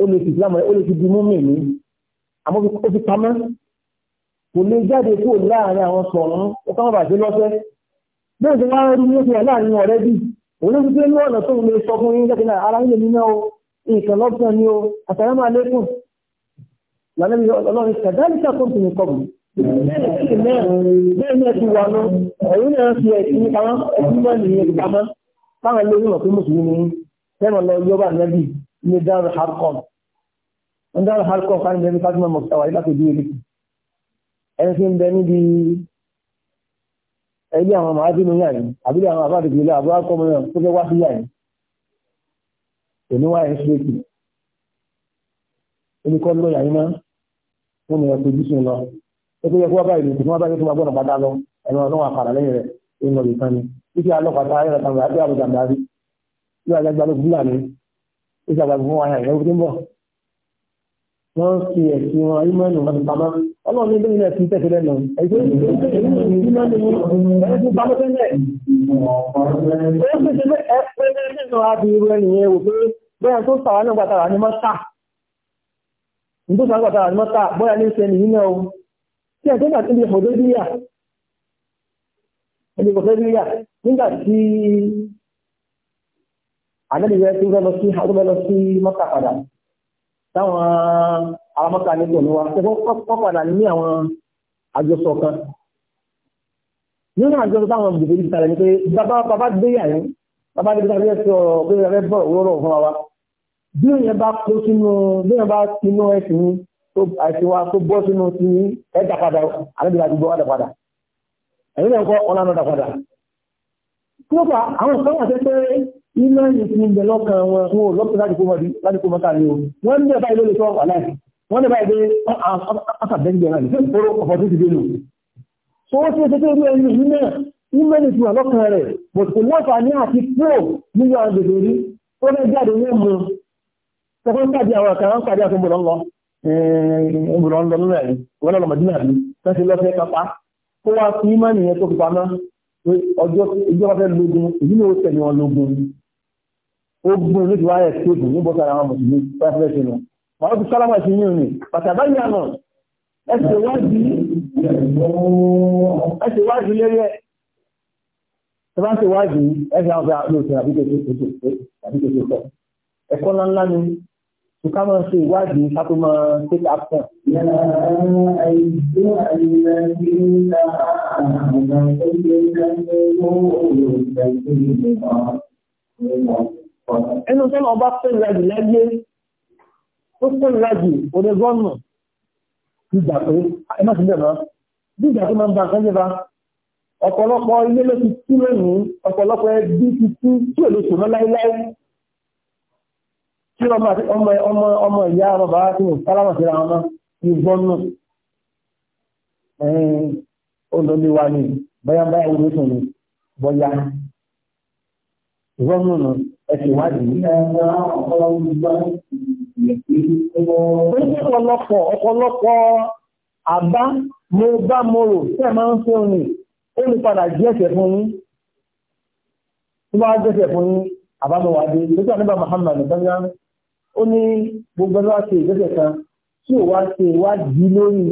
ó lè fi islam rẹ̀ ó lè fi di múmi ní àmọ́ ó fi pamọ́ kò lè jáde kúrò láàrin àwọn sọ̀rọ̀ ó kọ́ bàbá sí lọ́sẹ̀ bẹ́ẹ̀ tí wọ́n rí ní oṣù láàrin ọ̀rẹ́ bí òun ló fi pé ní ọ̀nà tó ń lè sọ fún yín jáde náà ara yín lè ní o nǹkan lọ́gbọ̀n ni o àtàràmà àlékún lànà ọlọ́run ṣàdáníkà tó ń tún nǹkan bù bẹ́ẹ̀ náà ti wà lọ ẹ̀yìn náà fi ẹ̀sìn pamọ́ ẹ̀sìn náà nìyẹn pamọ́ táwọn ilé ìwọ̀n pé mùsùlùmí fẹ́ràn lọ yọba nẹ́bí ní dáàrù harcom ń dáàrù harcom ká ní bẹ̀rẹ̀ fásimọ̀ mọ̀sáwà láti bí ilé ẹni tí ń bẹ níbi ẹgbẹ́ àwọn màájínú yàní àbílẹ̀ àwọn àbádìgbè ilé àbúrò akọ́mọ náà tó fẹ́ wá sí yàní òníwá ẹ̀ ṣe kì ẹni kọ́ lọ yàní náà wọ́n mọ̀ ẹ̀kọ́ ìdísùn lọ ẹgbẹ́ yẹ kó wá báyìí lè tún wá báyìí tó máa gbọ́nà padà lọ ẹ̀rọ ọlọ́wọ́ àkàrà lẹ́yìn rẹ̀ ìmọ̀ ìtàn ni títí alọ́pàá tá ó ṣàgbàgbọ́ fún wáyà ìyàwó na ń bọ̀ wọ́n fi ẹ̀sìn wọn ìmọ̀nù wọn pamọ́ ọlọ́run ní bẹ́ẹ̀ fi tẹ̀sẹ̀ lẹ́nu ẹ̀sìn ìmọ̀nù ẹ̀sìn pamọ́ tẹ́lẹ̀ sàwọn bóyá ní náà o ẹ̀sìn náà ti di ọ̀dọ́ àdébí rẹ tí ń lọ sí àdúgbò lọ sí mọ́kà padà táwọn àwọn mọ́kà ní tòun wa ṣe kọ́ padà ní àwọn àjọsọ kan nínú àjọsọ táwọn gbèsè yìí sàlẹ̀ ni pé bàbá bàbá gbé yà yín bàbá gbé yà yín sọ pé ẹ bọ̀ wọ́rọ̀ fún wa bí èèyàn bá kó sínú bí èèyàn bá sínú ẹ̀sìn yín tó àìsí wa tó bọ́ sínú ti yín ẹ̀dà padà àdébí rẹ àdúgbò wà padà ẹ̀yìn náà kọ́ ọ̀lànà padà. kí ló fà àwọn ìfọwọ́sẹ̀ iná ìsinmi bẹ̀ lọ́kàn wọn wọn ò lọ́pọ̀ láti kó mọ́dí láti kó mọ́ta ní o wọ́n ní ẹ̀bá ìlú ìṣọ́ wà láì wọ́n ní ẹ̀bá ìdé àkàbẹ́gbẹ̀ náà nífẹ̀ẹ́ ìfòrò ọ̀pọ̀ tó ti dé lò so ó ṣe ṣe tó ní ẹni yìí náà iná ìsinmi lọ́kàn rẹ̀ but kò lọ́fà ní àti pro níyọ agbègbè rí ó lẹ́ jáde ní ẹ̀mú tọ́kọ́ ń pàdé àwọn kan pàdé àti ọmọ lọ́lọ́ ọmọ lọ́lọ́ lọ́lọ́ yìí wọ́n lọ́lọ́ mọ̀dínà bí wọ́n ti lọ́fẹ́ kápá kó wá fi ímọ̀ nìyẹn tó fi pamọ́ ọjọ́ ìjọba fẹ́ lógun èyí ni ó tẹ̀lé wọn lógun ogun olóòtú wáyé ṣéèkù ní bọ́sára àwọn mùsùlùmí pẹ́fẹ́ ṣe lọ wọ́n ti sálámà sí yìí ni pàtàkì àná ẹsẹ̀ wádìí ẹsẹ̀ wádìí lérí ẹ̀ tó bá ń ṣe wádìí ẹsẹ̀ àwọn ọ̀gá ló ṣe àbíkèké sọ ẹ̀kọ́ ńláńlá ni tó ká máa ṣe ìwádìí ká tó máa take action. yàrá àwọn àìsí àìlera ti ń ta àwọn ọ̀gá tó ṣe ń ká ní owó òòlù ìgbà tó ń bọ̀ ẹnu sọ́nà ọba fẹ́rẹ̀ẹ́jì láyé ó fẹ́rẹ̀ẹ́jì onégọ́nà gbígbà pé ẹmọ́ sí bẹ̀rẹ̀ gbígbà tó máa ń ba nǹkan jẹba ọ̀pọ̀lọpọ̀ ilé ló ti tú lónìí ọ̀pọ̀lọpọ̀ ẹbí ti tú tí ò lè sùn mọ́ láíláí tí ọmọ ọmọ ìyá ọmọ bàbá tí mo sálámà sí ra ọmọ ìgbọ́nà olóléwà ni bọ́yá báyà wúlò sùn ni bọ́yá ìgbọ́nà náà ẹ̀sìnwádìí. Oníṣẹ́pọ̀lọpọ̀ ọ̀pọ̀lọpọ̀ àbá mo bá mo rò tẹ́ máa ń fún ni, ó ní padà jẹ́sẹ̀ fún yín. Tí wọ́n á jẹ́sẹ̀ fún yín, àbámọ̀wádé, lójú àníbà Muhammad Bẹ́ńgá, ó ní gbogbo ẹni wá ṣe ìjẹ́sẹ̀ kan tí ò wá ṣe ìwádìí lórí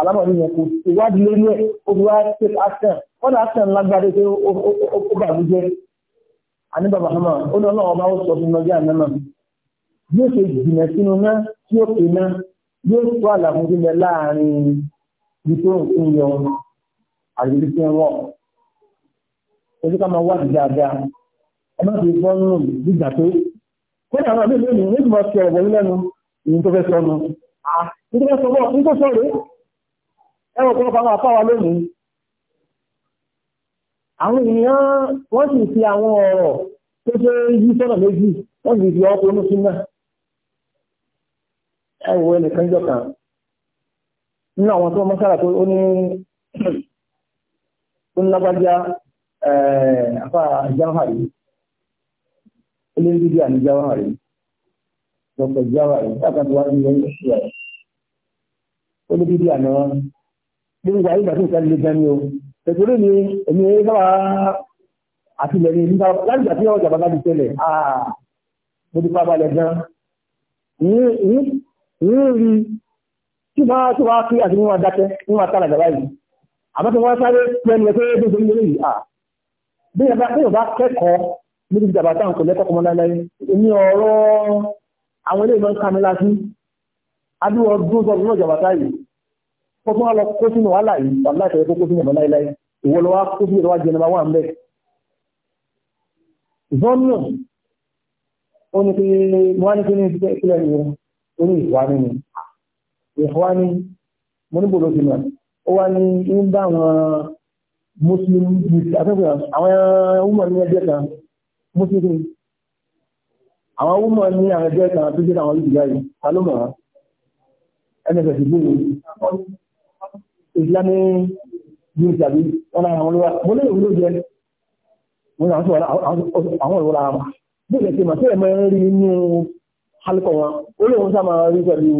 alámọ̀rí yẹn kò ìwádìí lórí ẹ̀ ó fi wá ṣe action, wọ́n dà action lágbádé pé ó bàbú jẹ́ àníbàbà hàn ó ní ọlọ́wọ́ bá ó sọ fún lọ́jọ́ àná náà yóò ṣe jìnà sínú náà tí ó pè náà yóò tó àlàfo sílẹ̀ láàrin ibi tó ń fún yọ àti ibi tí ń wọ̀ ojú ká máa wá di dáadáa ẹ má fi bọ́ nínú gbígbà tó kó ní àwọn àbí ìlú ènìyàn nígbà máa fi ọ̀rọ̀ lẹ́nu ìyẹn tó fẹ́ sọnù à nítorí sọ bọ́ nítorí sọ rèé ẹ̀rọ ọ̀pọ̀lọpọ̀ àwọn àfáwà lónìí àwọn èèyàn wọ́n sì fi àwọn ọ̀rọ̀ tó ṣe yí sọ́nà méjì wọ́n sì fi ọkọ̀ onú súnmọ́ ẹwọ ẹnìkan jọ kan nínú àwọn tó mọ́sára tó ó ní ó ní jáwárì olórí bíbí jáwárì dr jáwárì láti wá sí ẹni ìṣẹ́ rẹ̀ olórí bíbí àmì wọn gbogbo tó ń sáré Pẹ̀tùrú ni èmi ẹ̀yẹ sábà àti ilẹ̀ ní ìlú láti ìgbà tí ọ̀rọ̀ ìjàmbá láti tẹ́lẹ̀ mo ti fábalẹ̀ gan. Ìyí rí tí máa tó wá kí àti níwọ̀n dákẹ́ níwọ̀n tààrà gàbá yìí. Àmọ́ tí wọ́n sáré pẹ́ẹ́nu ẹ̀ pé bí o ṣe ń yẹ yìí à. Bí o bá kẹ́kọ̀ọ́ níbi ìjàmbá táwọn kò lẹ́kọ̀ọ́ kọ́mọ láéláé, èmi ọ̀rọ̀ àwọn ilé ìmọ̀ ń kà lásì. Adúlọ̀ dúró sọ kó tó wá lọ kó sínú wàhálà yìí wàhálà ìṣẹ̀lẹ̀ tó kó sínú ọ̀nà láéláé ìwọ lọ wá kó sínú ìrọ̀wá jẹ nọ́mbà wà ń bẹ̀. zọ́nù ó ní pé wọ́n ní pé ní ìdílé ìpínlẹ̀ mi ó ní ni ìwà ni mo ní bòló ti mọ̀ ó wá ní ń bá àwọn muslim àtẹ́kùn àwọn ọmọ ní ẹgbẹ́ kan muslim àwọn ọmọ ní àwọn ẹgbẹ́ kan tó jẹ́ àwọn olùdíjáyì ta ló mọ̀ ẹnẹ́fẹ̀ẹ́ islamic youth àbí wọn náà àwọn olówó mo lérò ló jẹ wọn àwọn ìwọlá wọn bí ìlẹ̀ tí mà sí ẹ̀mọ́ rí inú wọn rí pẹ̀lú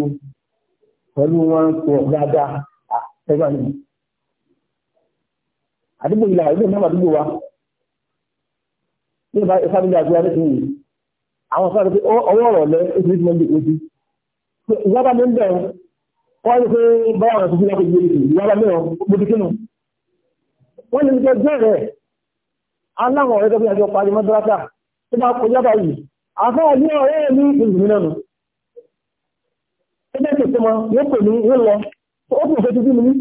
pẹ̀lú wọn dáadáa àdúgbò ìlà ìlú ìlú àdúgbò wa ní àwọn ọwọ́ ọ̀rọ̀ lẹ́ wọ́n ní pé báwọn ọ̀rọ̀ tuntun lọ́kọ̀ ìgbèrè ìyára mẹ́rọ gbogbo kínú wọ́n ní jẹ́ jẹ́ rẹ̀ aláwọ̀ ọ̀rẹ́ tó bí àjọ parí mọ́dúrátà tó bá kọjá báyìí àfáà ní ọ̀rẹ́ ní ìlú nánu ẹgbẹ́ tó tó mọ yóò pè ní ń lọ ó kù fẹ́ tuntun mi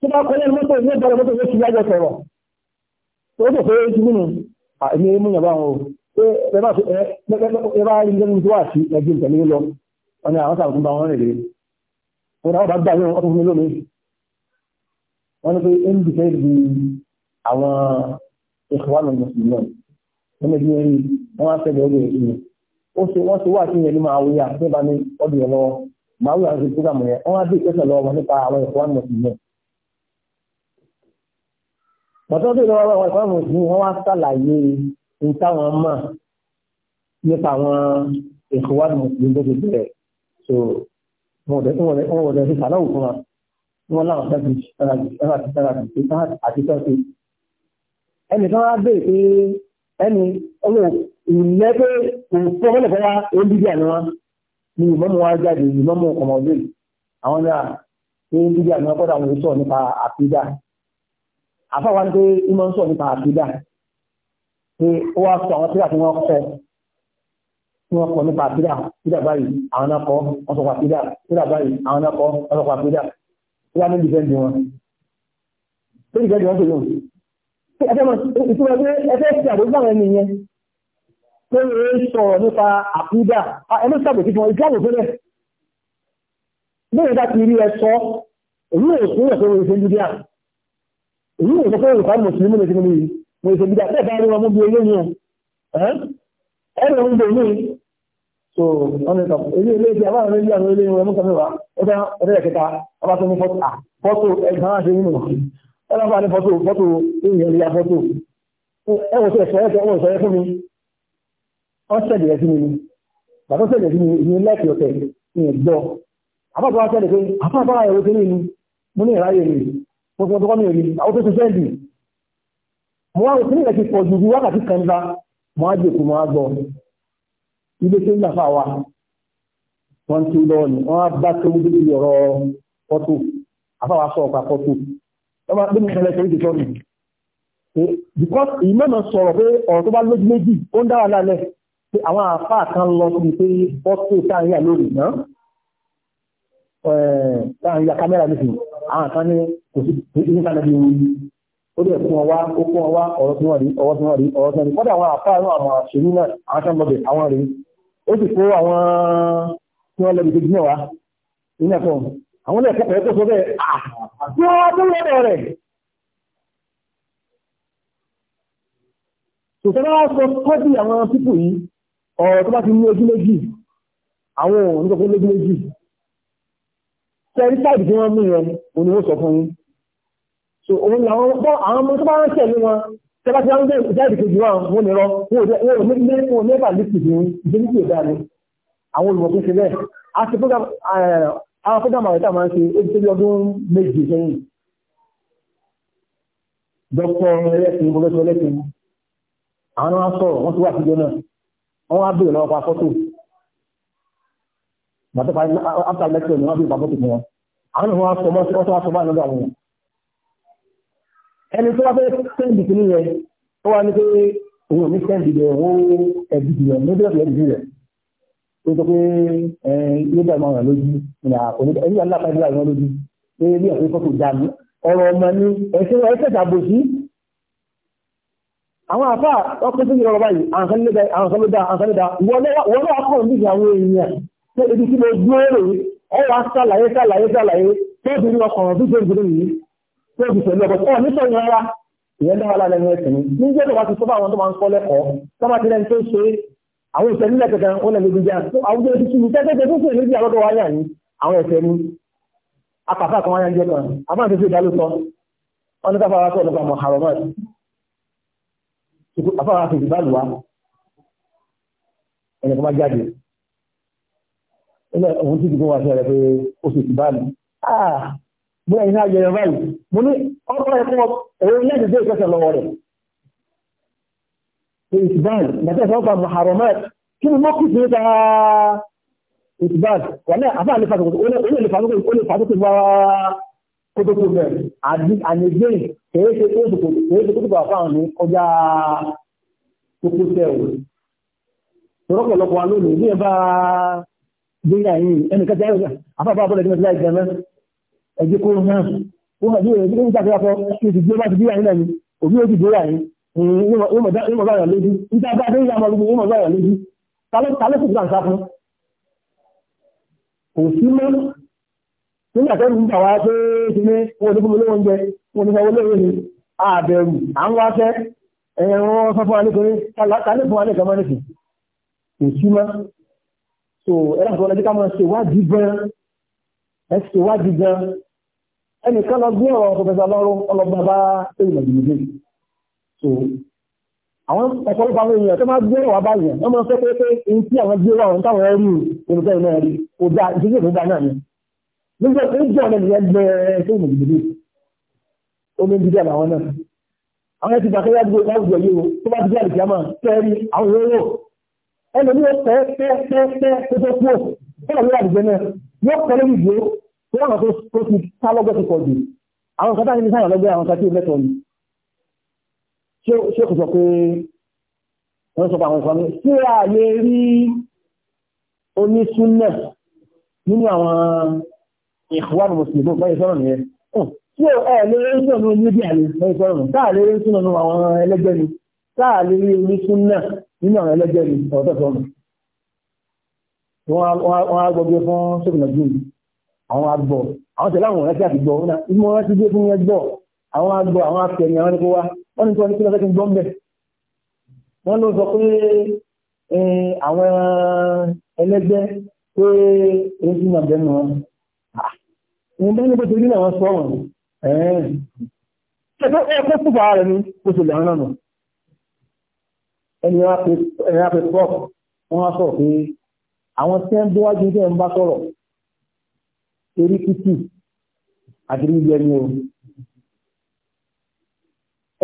tó bá kọjá mọ́tò ní ìbẹ̀rẹ̀ mọ́tò yóò ti yájọ sọ̀rọ̀ ó tó fẹ́ tuntun mi àmì ẹmú yàrá wọn o ẹ bá rí lẹ́nu tó wà sí ẹgbẹ́ ìtẹ̀lé lọ wọ́n ní àwọn sàrùn bá wọn rẹ̀ lè wọ́n náà bá gbà ní ọkùnrin fún mi lómi wọ́n ní pé ń bìkẹ́ di àwọn ìṣòwánà mùsùlùmí wọ́n ní bí wọ́n rí wọ́n á fẹ́lẹ̀ ọdún ìṣúná ó ṣe wọ́n ṣe wà sí ìyẹn ní máa wúyà tí ó bá ní ọdún yẹn lọ́wọ́ máa wúyà ń ṣe púgàmù yẹn wọ́n á bí ìkẹ́sẹ̀ lọ́wọ́ wọn nípa àwọn ìṣòwánà mùsùlùmí bàtọ́ tó lọ́wọ́ àwọn ìṣòwánà mùsùlùmí wọ́n wá sàlàyé ní táwọn mọ̀ nípa àwọn ìṣòwánà mùsùlùmí tó ti bẹ̀rẹ̀ so wọn ò dẹ̀ fi sàlọ́wù fún wa wọn láwọn tẹ́sí ẹ̀rọ àti tẹ́ra àti tẹ́ra àti tẹ́sí ẹnì kan wá bèèrè pé ẹnì ọmọ ìlẹ́ pé òfin ọmọlẹ̀ fẹ́ wá oúnjẹ àná wa ni ìmọ̀mù wa jáde ìmọ̀mù ọmọ ọdún àwọn náà pé oúnjẹ àná kọ́dà àwọn èso nípa àfídà àfáwọn pé ìmọ̀ ń sọ nípa àfídà pé ó wá sọ àwọn tí tí wọ́n kọ nípa àpídà àpídà báyìí àwọn akọ wọ́n sọ àpídà àpídà báyìí àwọn akọ wọ́n sọ àpídà wọ́n á ní dìfẹ́ǹdì wọn. tó dìfẹ́ǹdì wọn tó yóò tí ẹfẹ́ mọ̀ ìtumọ̀ pé ẹfẹ́ ti àdójú àwọn ẹni yẹn pé ó sọ nípa àpídà ẹni sábò tí wọ́n ìjáwó fẹ́lẹ̀ bóyá ti rí ẹ sọ èyí ò fún ẹ̀fẹ́ òṣèlú bídíà èyí ò sọ pé òṣèlú mùsùlùmí lè ti mú mi òṣèlú bídíà bẹ́ẹ̀ bá rí wọn mú bí olóyún ẹ̀rọ ń bò ní so ọ̀nà ìtàn ilé ilé ìdí àwọn ilé àwọn ilé ìwọ̀n mọ́kànlá wa ó fẹ́ ọ̀rẹ́ ẹ̀kẹta ọba tó ní fọ́tò ẹ̀gbọ́n àti nínú ọ̀nà bá ní fọ́tò fọ́tò ìyẹn ìyá fọ́tò ẹwọ̀n tó ẹ̀sọ́ ẹ̀sọ́ ẹ̀sọ́ fún mi wọ́n ṣẹ̀lẹ̀ sí mi ni bàtọ́ ṣẹ̀lẹ̀ sí mi ní lẹ́ẹ̀kì ọ̀tẹ̀ ní ẹ̀gbọ́ àbábọ̀ wọn ṣẹ̀lẹ̀ pé àbábọ̀ ẹ̀rọ tó ní ni mo ní ìráyè rè mo fi ọdún kọ́ mi rí àwọn tó ti sẹ́ẹ̀dì mo wá òfin ilẹ̀ ti pọ̀ ju wákàtí kan gba mo á jòkó mo á gbọ́ ilé ń gbà fáwa wọ́n ti lọ ni wọ́n bá tó ń bí ọ̀rọ̀ pọ́tò àfáwà sọ ọ̀pá pọ́tò ọmọ bí mi ṣẹlẹ̀ torí ti sọ mi because èyí mẹ́mọ̀ sọ̀rọ̀ pé ọ̀rọ̀ tó bá lójú méjì ó ń dára lálẹ́ pé àwọn àfáà kan lọ sí pé pọ́tò táyà lórí náà táwọn ya kámẹ́rà nísìnyí àwọn kan ní kò sí ìsìnkánná bí wọ́n ó dẹ̀ fún ọwá ó fún ọwá ọ̀rọ̀ tí wọ́n rí ọwọ́ tí wọ́n rí ọwọ́ tí wọ́n rí kọ́dà àwọn àfáà ó sì kó àwọn tí wọ́n lẹ́bi kejì náà wá ẹ̀kọ́ àwọn ilé ẹ̀kọ́ ẹ̀kọ́ sọ bẹ́ẹ̀ ah, tí wọ́n tó lọ́dọ̀ rẹ̀ tòtọ́lá sọ kọ́bí àwọn pípò yìí ọ̀rọ̀ tó bá ti ní ojú méjì àwọn òun lójú méjì tẹ́rífàìdì tí wọ́n mú yẹn òun sọ fún yín tẹ́lá tí wọ́n ń gbé ìjáde kejì wọn wọ́n ní rọ wọ́n ní ẹ̀bà lẹ́sìn ní ìdílé tí ò dáa ni àwọn olùmọ̀ tó ṣe bẹ́ẹ̀ a ti program eh, àwọn program àwọn ìta máa ń ṣe ó ti ọdún méje sẹ́yìn dọ́kítọ̀ ẹlẹ́sìn pọfẹ́sọ ẹlẹ́sìn àwọn náà sọ̀rọ̀ wọ́n ti wà síjọ náà wọ́n á bèèrè lọ́wọ́ pa fọ́tò bàtà pa after ni wọ́n á ẹni tó wá fẹ́ sẹ́ǹdì kìíní yẹn ó wá ní pé òun ò ní sẹ́ǹdì rẹ̀ ó ẹ̀dìdì rẹ̀ ní bẹ́ẹ̀ ẹ̀dìdì rẹ̀ ó sọ pé ilé bá máa rà lójú ẹni wà lápá ilé àwọn lójú pé ilé ọ̀pẹ kọ́kọ́ dà mí ọ̀rọ̀ ọmọ ni ẹ̀ṣẹ́ ẹ̀ṣẹ́ tàbò sí. àwọn àfà ọkọ̀ sí ìrọ̀rọ̀ báyìí àǹsánlódà àǹsánlódà wọlé akọ̀ níbi àwọn èèyàn tó ibi tí mo gbé rè tó o fi pẹ̀lú ọkọ̀ tó o ní sọ̀rọ̀ rárá ìyẹn dára lára ẹni ẹ̀sìn ní ní jẹ́rọ wa ti sọ́bà àwọn tó máa ń kọ́ lẹ́kọ̀ọ́ sọ́bà ti lẹ́ni tó ṣe àwọn ìṣẹ́ nílẹ̀ kankan ó lẹ́nu gbígbá àwùjọ ti ṣubú tẹ́tẹ́tẹ́ tó ṣe níbi àwọn tó wáyà ní àwọn ẹ̀sẹ̀ ní akàfà kan wáyà ń jẹ́ kan àbá àti fífi ìdálótọ́ wọn ní bóyá iná ayẹyẹ báyìí mo ní ọkọ ẹ̀kọ́ òun ní ẹ̀dẹ̀dẹ̀ ìkẹsẹ̀ lọ́wọ́ rẹ̀ ìtìbáàn nàtẹ́ ìfọ́nfà maharomet kí ni mọ́kù sí ta ìtìbáàn wà náà àbá àlefa tó kò ó lè fàákó ó lè fàákó tó bá kótókó bẹ̀ àdí àyẹ̀gbẹ́ kèé ṣe tó kò kèé ṣe kótókó àfáàn ní kọjá kókó tẹ̀ o tọ́rọ́pọ̀lọpọ̀ alónìí ní ẹ̀ bá gbé yà yín ẹnì kẹta àfáàfáà bọ́lẹ̀ ẹ̀jẹ̀ kó hàn ó hàn bí ẹ̀jẹ̀ ń tàbí akọ kí o ti gbé bá ti gbéyàwó náà ni òbí ó ti gbéyàwó yìí ìmọ̀ báyọ̀ lójú níta bá dé ìyàmọ̀ gbogbo ìmọ̀ báyọ̀ lójú talẹ́ kùkù kàǹsá fún kò sí mọ́ nígbà tó ń bà wá pé kí ni wọ́n ti fún mi lówó oúnjẹ wọ́n ti sanwó lóore ni àbẹ̀rù à ń wáṣẹ́ ẹ̀rọ sọ fún wa nítorí talẹ́ fún wa ní ìjọba nìkan kò sí mọ́ so ẹ̀rọ àti ọ̀nà ẹ̀jẹ̀ ká máa ṣèwádìí gan ẹ̀ ṣèwádìí gan ẹnìkan lọ gbé ọ̀rọ̀ pọ̀fẹ́sà lọ́rọ̀ ọlọ́gbà bá èèyàn gbìyànjú so àwọn ọ̀pọ̀lọpọ̀ àwọn èèyàn tó máa gbé ọ̀wà bá yẹn wọ́n máa sọ pé pé èyí tí àwọn gbé ọ̀rọ̀ táwọn ẹ̀rí olùkọ́ ìmọ̀ ẹ̀rí kò dá ìdílé tó dá náà ni nígbà tó jọ ọ̀nà ìyẹn gbẹ tó ìmọ̀ gbìyànjú ó ní dídí àwọn náà àwọn ẹ̀ ti gbà kẹ́yà gbé láwùjọ yìí o tó bá dídí àlùkìá máa kẹ́rí àwọn yòówó ẹnìyàn pẹ́ẹ́pẹ́ẹ́pẹ́ tó tó kú tó yàrá tó ti sá lọ́gbẹ́ tó pọ̀ jù àwọn kan táyé ní sáyà lọ́gbẹ́ àwọn kan tí ó mẹ́tọ̀ ni ṣé kò sọ pé wọ́n sọ pé àwọn ìfọ́nú ṣé a lè rí onísúnà nínú àwọn ìfúwàrù mùsùlùmí lọ́yìn sọ́rọ̀ nìyẹn tí ó ẹ̀ lè rí sọ́nà ní ibi àlè lọ́yìn sọ́rọ̀ nù táà lè rí sọ́nà nínú àwọn ẹlẹ́gbẹ́ ni táà lè rí onísúnà nínú àwọn ẹlẹ́gbẹ́ ni ọ̀tọ̀ sọ́nà wọ́n á gbọ́gbé fún ṣókùnà jùlọ àwọn agbọ̀ àwọn tẹ̀lé àwọn ọ̀rẹ́sí àti gbọ̀ ọ̀nà ìmọ̀ ọ̀rẹ́sí dé fún yẹn gbọ̀ àwọn agbọ̀ àwọn afẹ̀yìn àwọn ẹnìkó wa wọ́n ní tí wọ́n ní kí lọ́sẹ̀ tí ń gbọ́n bẹ̀ wọ́n ló sọ pé àwọn ẹlẹ́gbẹ́ pé èyí ti nà bẹ́ẹ̀ nù wọn. ìwọ̀n bẹ́ẹ̀ ni bó ti rí náà wọ́n sọ wọn. ẹ̀kọ́ ẹ̀kọ́ fúnfà rẹ̀ ni kò sì lẹ́rán nù. ẹni wọ́n á pe pọ́ọ̀pù wọ́n á sọ̀rọ̀ pé àwọn tí wọ́n bá sọ̀rọ̀ torí kìtì àti níbi ẹni o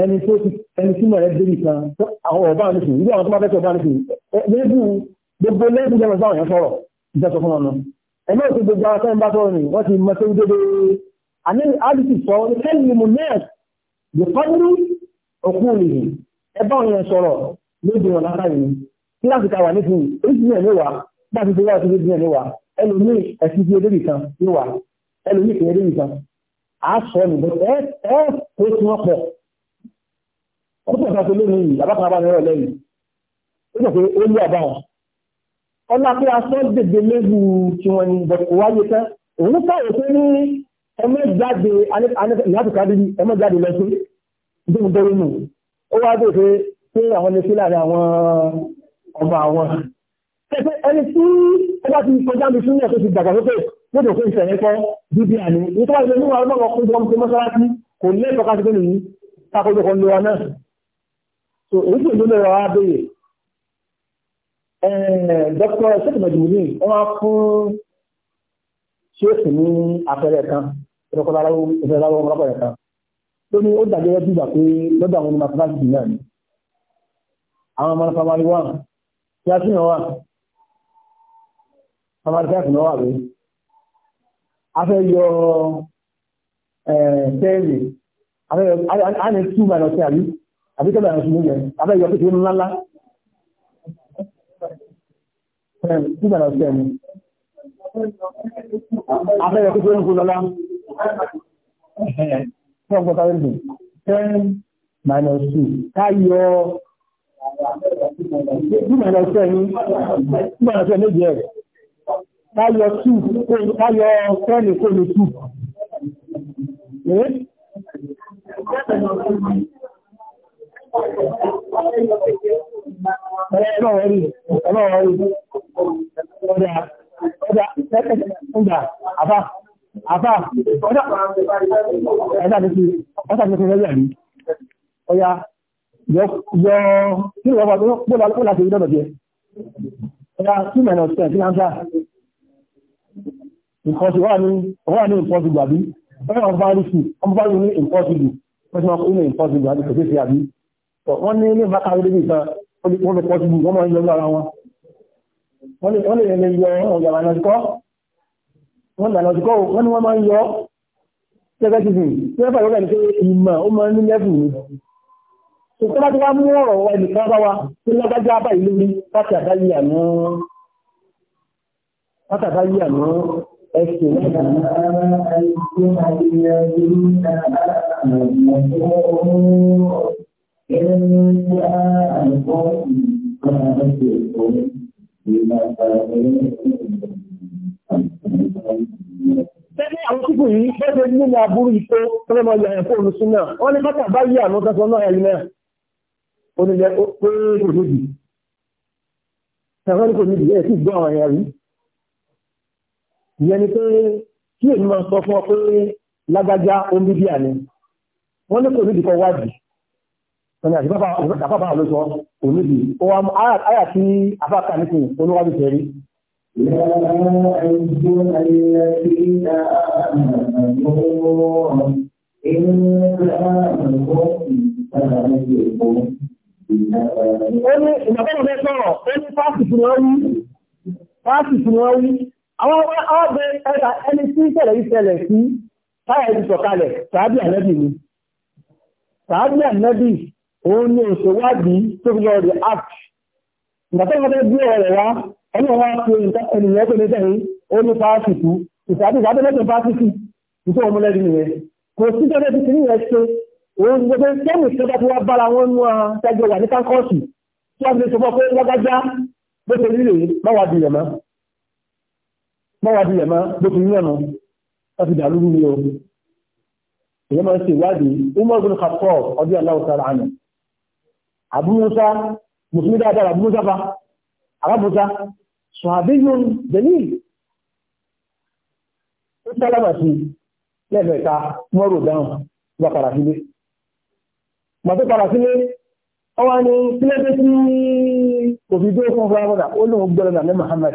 ẹni tó ti ẹni tí mọ̀rẹ́ débi kan àwọn ọba ní sùn níbi àwọn tó máa fẹ́ ọba ní sùn lébù gbogbo lẹ́bù jẹ́ lọ́sọ́ àwọn sọ̀rọ̀ ìjọsọ fún ọ̀nà ẹ̀mọ́ òsì gbogbo ara sẹ́yìn bá sọ̀rọ̀ ni wọ́n ti mọ́tò dédé àní àdìsí sọ ní kẹ́lì mu nẹ́ẹ̀sì lè fọ́nrú òkú nìyí ẹ bá wọn yẹn sọ̀rọ̀ lójú wọn látàrí kíláàsì ká wà nífun oríṣiríṣi ẹ̀ ní wà bá ti ti wá oríṣiríṣi ẹlòmíì ẹ̀sìn tí ó débì kan ní wà ẹlòmíì kìí débì kan á sọ ọ́ nìbọn ẹ ẹ tó tí wọ́n pọ̀ ó pọ̀ sáà tó lónìí yìí abákan abá nírọ̀ lẹ́yìn ó sọ pé ó lé àbá wọn ọlá pé aṣọ dèdè léwu tí wọ́n ní bọ̀kù wáyé tán òun káwọ̀ pé ní ẹmọ jáde ìyàtùkádé ẹmọ jáde lọ sí ìdóhùn bẹ́rẹ̀ nù ó wá dé pé àwọn ilé sílẹ̀ àwọn ọmọ àwọn Pẹ̀pẹ́ ẹni tí ó bá ti kọjá mi sínú ẹ̀kọ́ ti dàgbà lókè lódò fún ìṣẹ̀lẹ̀ kọ́ bíbí àní. Nítorí àwọn ìlú àwọn ọmọ ọkùnrin ọmọ mọ́sálásí kò ní ẹ̀kọ́ káṣí lónìí yìí takojọ kan lóra náà. So èyí tí ìlú lọ́wọ́ á béèrè. Dr. Sheikh Majumuni wọ́n wá fún Sheikh ní àpẹẹrẹ kan ìrọ̀kọ́lá ìfẹ́láwọ́ ọmọlápẹ̀rẹ̀ kan. Tó ní ó dàgẹ́gẹ́ bí ìgbà pé lọ́dọ̀ àwọn ọmọ mọ́sálásí náà ni. Àwọn ọmọ Samaritac náà wà lórí. A fẹ́ yọ tẹ́ẹ̀lì, a ní two by ọ̀sẹ̀ àbí, àbí tẹ́lẹ̀ àwọn ṣùgbọ́n yẹn, a fẹ́ yọ pé tẹ́lẹ̀ ńláńlá. Two by ọ̀sẹ̀ ni. A fẹ́ yọ pé tẹ́lẹ̀ ńláńlá. Fẹ́ ọgbọ́ta rẹ̀ dùn. minus two. Ká yọ two minus ten ní, two minus ten báyọ̀ tù báyọ̀ fẹ́ẹ̀lì kò lè tù Ọlọ́run rí, ọlọ́run rí, ọjà, ọjà, àbá, àbá, ọjà, ẹ̀dá ní kí, ọjà ní kí lẹ́yìn àrí, ọya, yọ, kí lọ́wọ́ tó pọ́lá láti ìdọ́dọ̀ jẹ, ọya, 2 minus 10, kí láńsá, ìfọ́sí wà ní impossible àbí ẹ̀rọ bá rí sí ọmọ bá rí ní impossible wọ́n ti máa kó ní impossible àti kòtò sí àbí wọ́n ní ilé bákan lórí ìta wọ́n lè possible wọ́n máa ń yọ lára wọn wọ́n lè lè yọ ọ̀yàwó ànàjíkọ́ wọ́n lè ànàjíkọ́ wọ́n ni wọ́n máa ń yọ gẹ́gẹ́ ti sìn tí látàbá yí àwọn ẹsẹ̀ Tẹ́lẹ̀ àwọn kíkù yìí bẹ́ẹ̀ ní ní àbúrú ìpé tọ́lọ́mọ ìyà ẹ̀kọ́ olùsùn náà, wọ́n ní bátà bá yí àwọn tọ́sọ náà ẹ̀yìn náà, ó ó pé òjòjì. Tẹ̀wọ́n ní ẹ̀ ìyẹn ni pé kí èmi máa sọ fún ọ pé lágbájá omidia ni wọ́n ní kò nídìí kọ wádìí ọ̀nà àti bàbá àwọn olóṣọ onídìí ó wá àyà tí afáàkà nìkan olúwàbí tẹ̀rí. ó ní ìgbàgbọ́n mẹ́sàn-án ó ní fásitì ni wọ́n wí àwọn ọgbẹ́ ẹ̀ta ẹni tí ìṣẹ̀lẹ̀ ìṣẹ̀lẹ̀ sí táyà ti sọ̀kalẹ̀ sàábì ànẹ́bì ni sàábì ànẹ́bì òun ni òṣèwádìí tó fi lọ rí act ìgbàtọ́ wọn fẹ́ gbé ọ̀rọ̀ wá ẹni wọn fi ènìyàn tó ní sẹ́yìn ó ní fásitì ìsàbí ìsàbí lẹ́sẹ̀ fásitì ìtọ́ ọmọlẹ́dì nìyẹn kò sí tó lẹ́sẹ̀ ní ẹ̀ ṣe òun gbogbo kẹ́mì tó bá ti wá bára wọn nú àtẹ́jọ wà ní kánkọ́ọ̀sì tí wọ́n fi sọ fún ọ pé mọ́wàdí ẹ̀mọ́ bó ti yànnà láti dà lórí o èyàn máa ń ṣe ìwádìí Umar bin Khattab ọdí aláwọ̀sára àná Abu Musa musulmi dáadáa Abu Musa fa arábùsá sọ̀hábíyún benin ó sálámà sí lẹ́ẹ̀mẹ́ta mọ́rò dáhùn wà padà sílé màtó padà sílé ọwọ́ ni sílẹ̀ tó sí òfin tó fún fún ọmọdà ó lóun gbọ́dọ̀ nà ní Muhammad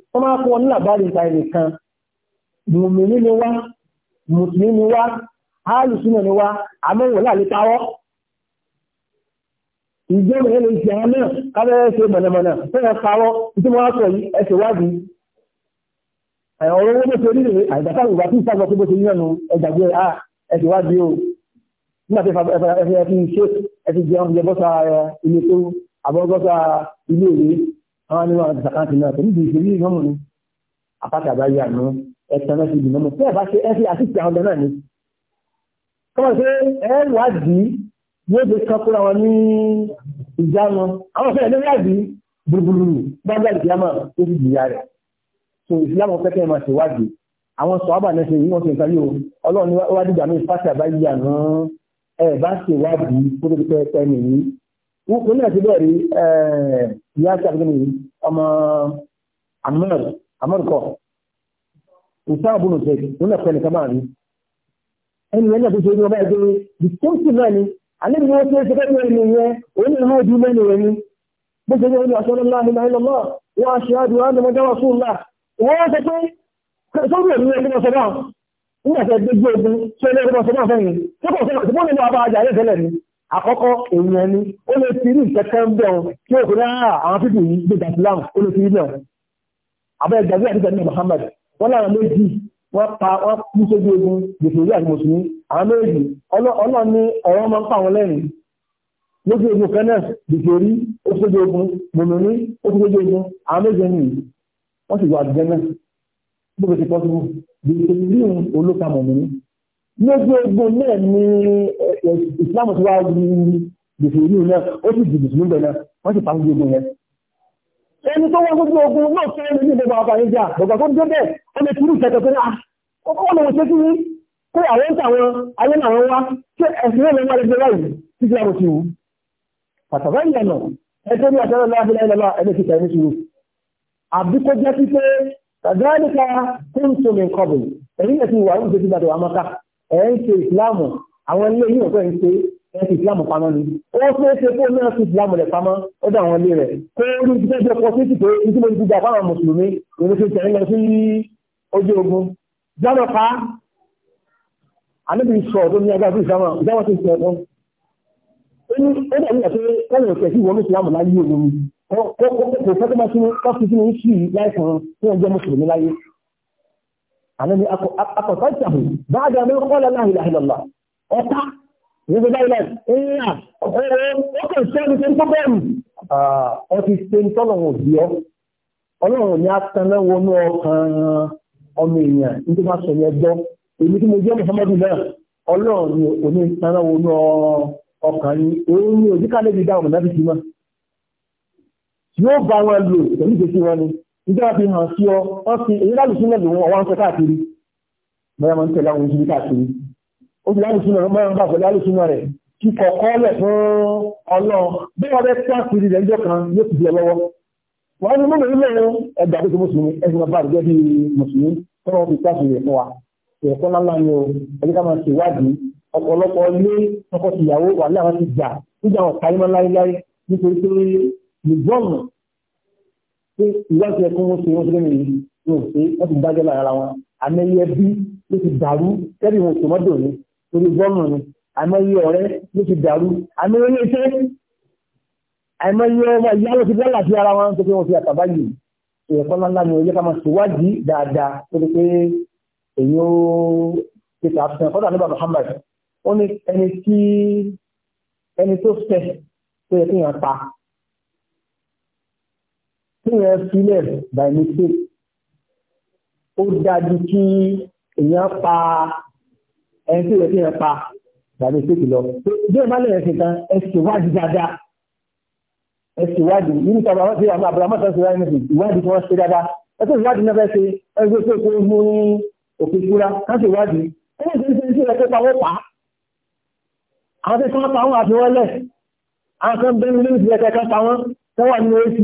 wọ́n máa fún ọ ní làbárí ìta ilẹ̀ kan mùmìnì ni wá mùsùlùmí ni wá áàlùsùnà ni wá àmọ́wò láàrin táwọ́ ìjọ mẹ́rin lè ṣe àwọn náà kábẹ́rẹ́ ṣe mọ̀nàmọ̀nà fẹ́rẹ̀ táwọ́ tí wọ́n sọ yìí ẹsẹ̀ wádìí ọ̀rọ̀ owó tó rí rèé àìgbàtà ìgbà tí ìsàgbà tó bó ṣe yíyànnú ẹgbàgbé à ẹsẹ̀ wádìí o nígbà tí ẹfẹ́ ẹfẹ́ ṣe ẹfẹ́ jẹun jẹ bọ́sà ilé tó àbọ̀gọ́sà ilé ìwé àwọn ni wọ́n zakati náà tó níbi ìṣèlú ìmọ̀mù ni apáta àbáyé àná ẹ̀sán náà ti di mọ́mù tí ẹ̀ bá ṣe ẹ̀ fi àti ìṣẹ̀ àwọn ọ̀dọ́ náà ni. kọ́mọ̀ pé ẹ̀ wá dì í yóò ṣe sọ fúnra wọn ní ìjà wọn àwọn ọ̀fẹ́ ẹ̀ lórí àdì gbùgbùrù gbàgbà ìjàmà tó ti dìyà rẹ̀ so ìsìlámù pẹ́kẹ́ máa ṣèwádìí àwọn sọ̀ábà náà ṣe yíwọ́n ṣe nǹkan yóò ọlọ́run wá dìgbà mí fásitì àbáyé àná ẹ̀ bá ṣèwádìí tó Eh, wọ́n náà ti bẹ̀rẹ̀ rí ìyá sí àgbẹ̀mí ọmọ amẹ́rìkọ́ ìsáàbùnù tẹ̀ wọ́n náà pẹ̀lú kama rí ẹni ẹni àti ìṣòro ọba ẹgbẹ́ the same thing náà ni alẹ́bí wọ́n ti ṣe fẹ́ẹ́ rẹ̀ nìyẹn òun náà mọ́ ojú mẹ́nu rẹ̀ ni bó ṣe wọ́n ní aṣọ lọ́la ní láì lọ́lọ́ wọ́n aṣọ àdúrà ní wọ́n dáwọ́ fún ńlá wọ́n sọ pé sọ́dún ẹ̀mí ẹ̀mí ọ̀sẹ̀ náà nígbà tẹ́ gbé gbé ogun ṣẹlẹ̀ ẹ̀mí ọ̀sẹ̀ náà fẹ́yìn tó kọ̀ sọ́dún ẹ̀mí ọ̀sẹ̀ náà àkọ́kọ́ èèyàn ni ó lè ti rí ìkẹ́kẹ́ ń bẹ̀ tí ó kúrẹ́ ah, àwọn fífi yìí gbé gàtìlám ó lè ti rí náà abẹ́ ìgbàgbé àti ìgbàgbé Muhammad wọ́n láwọn méjì wọ́n pa wọ́n kú sójú ogun gbèsè orí àti mùsùlùmí àwọn méjì ọlọ́ọ̀ ní ọ̀rọ̀ máa ń pa wọn lẹ́rìn lójú ogun kan náà gbèsè orí ó sójú ogun mùmùmí ó sójú ogun àwọn méjì ni wọ́n sì wà jẹ́ náà bó lójú ogun náà ni ìsìláàmù eh, tó wá rí gbèsè ìlú náà ó sì dìbò sínú bẹ̀rẹ̀ wọ́n sì pàmò ogun yẹn ẹni tó wọ́n gbogbo ogun náà tó ẹni ní ìbẹ̀bà ọba ìjà bọ̀gbà tó dé bẹ́ẹ̀ ó lè kúrú ìṣẹ̀kẹ̀ tó ní àkọ́kọ́ ọ̀nà òṣèlú tó ní pé àwọn ń tàwọn ayé náà wá tí ẹ̀sìn náà wà lẹ́gbẹ̀ẹ́ báyìí tí ti àwọn òṣèlú pàtàkì ìyànà ẹjọ́ ní àtẹ́rẹ́ láàbí láìlọ́lá ẹgbẹ́ ti tẹ̀lé ṣùgbọ́n àbí kó jẹ́ sí pé tàdáníkà tó ń tó mi kọ́bù ẹ̀yìn ẹ̀sìn ẹ̀ ń ṣe ìsìláàmù àwọn ilé yìí òkú ẹ̀ ń ṣe ẹ̀ ń ṣe ìsìláàmù pamọ́ ni ó ṣe é ṣe kó náà fi ìsìláàmù rẹ̀ pamọ́ ó dá àwọn ilé rẹ̀ kó rí ibi tẹ́jọ́ pọ̀ sí ìtìpé ibi tí mo ti gbà fáwọn mùsùlùmí ìlú ṣe tẹ̀lé lọ sí ojú ogun jábọ̀ pa àníbi sọ ọ̀dọ́ ní agbára fún ìsìláàmù ìjábọ̀ sí ìsìláàmù ó ní ó dàbí àti wọ́n yóò tẹ̀sí ìwọ́n ìsìláàmù láyé òun kò fẹ́ tó bá sí kọ́fí sínú ìṣì láìsàn tí wọ́n jẹ́ mùsùlùmí láyé ànábi akọ̀tọ̀ ìṣàhù báàgì àmì kọ́lá láàrin àhìlọ́lá ọ̀tá níbi láìlẹ̀ ńlá ọkọ̀ ìṣẹ́ni tí ń tó bẹ̀rù ọtí ṣe ń tọ́lọ̀ wọn òbí ọ ọlọ́run ní atanẹ́ wọnú ọkàn ọmọ èèyàn ní tó bá sọ yẹn gbọ́ èmi tí mo jẹ́ Muhammadu náà ọlọ́run ní òní ìtanẹ́ wọnú ọkàn yìí òun ní òjíkàlẹ́bí dáhùn náà fi fi mọ́ yóò bá wọn lò pẹ̀lú ìgbésí wọn ni ìjọba fi hàn sí ọ wọ́n fi èyí láti sílẹ̀ lòun ọwọ́n sọ káàkiri bẹ́ẹ̀ mọ́ ń tẹ̀lé àwọn ìṣubí káàkiri ó fi láti sílẹ̀ bá pẹ̀lú rẹ̀ kí kọ̀ọ̀kọ́ lẹ̀ fún ọlọ́run bí wọ́n bẹ́ káàkiri rẹ̀ níjọ́ kan yóò pé ìwádìí ẹ̀kọ́ wọn ṣe wọ́n ṣe lẹ́nu yìí wọn ò ṣe wọ́n ti dájọ́ lára wọn àmẹ́yẹ ẹbí ló ti dàrú kẹ́bí wọn kò mọ́dọ̀ ní torí bọ́ọ̀nù ni àmẹ́yẹ ọ̀rẹ́ ló ti dàrú àmẹ́yẹ iṣẹ́ àmẹ́yẹ ọmọ ìyá ló ti dá láti ara wọn tó pé wọn ti àtàbá yìí ẹ̀kọ́ ńláńlá ni ẹ̀yẹ́ ká máa ṣèwádìí dáadáa tó ti pé èyí ó ti sàfihàn kọ́dà nígbà Muhammad ó ní ẹni tí ẹni tó fẹ́ tó yẹ kí tí yẹn sílẹ̀ by mistake ó dájú kí èèyàn pa ẹni tí yẹn fi yẹn pa by mistake lọ. bí ẹ bá lè ẹsìn kan ẹsìn ìwádìí dáadáa ẹsìn ìwádìí nínú ìtàbí àwọn ìwádìí àbúrò àmọ́ ìtàbí ìwádìí nìkan ìwádìí tí wọ́n ṣe dáadáa ẹsìn ìwádìí náà fẹ́ ṣe ẹgbẹ́ tó kó mú òfin kúra káṣí ìwádìí ẹni tí ń ṣe ń ṣe ẹ̀kọ́ pawọ́ pa àwọn tí wọ́n pa wọn àti wọ́n lẹ̀ àwọn kan bẹ́ẹ̀ ní ilé ìfẹ́ kẹ́kẹ́ pa wọn tẹ́wà nínú èsì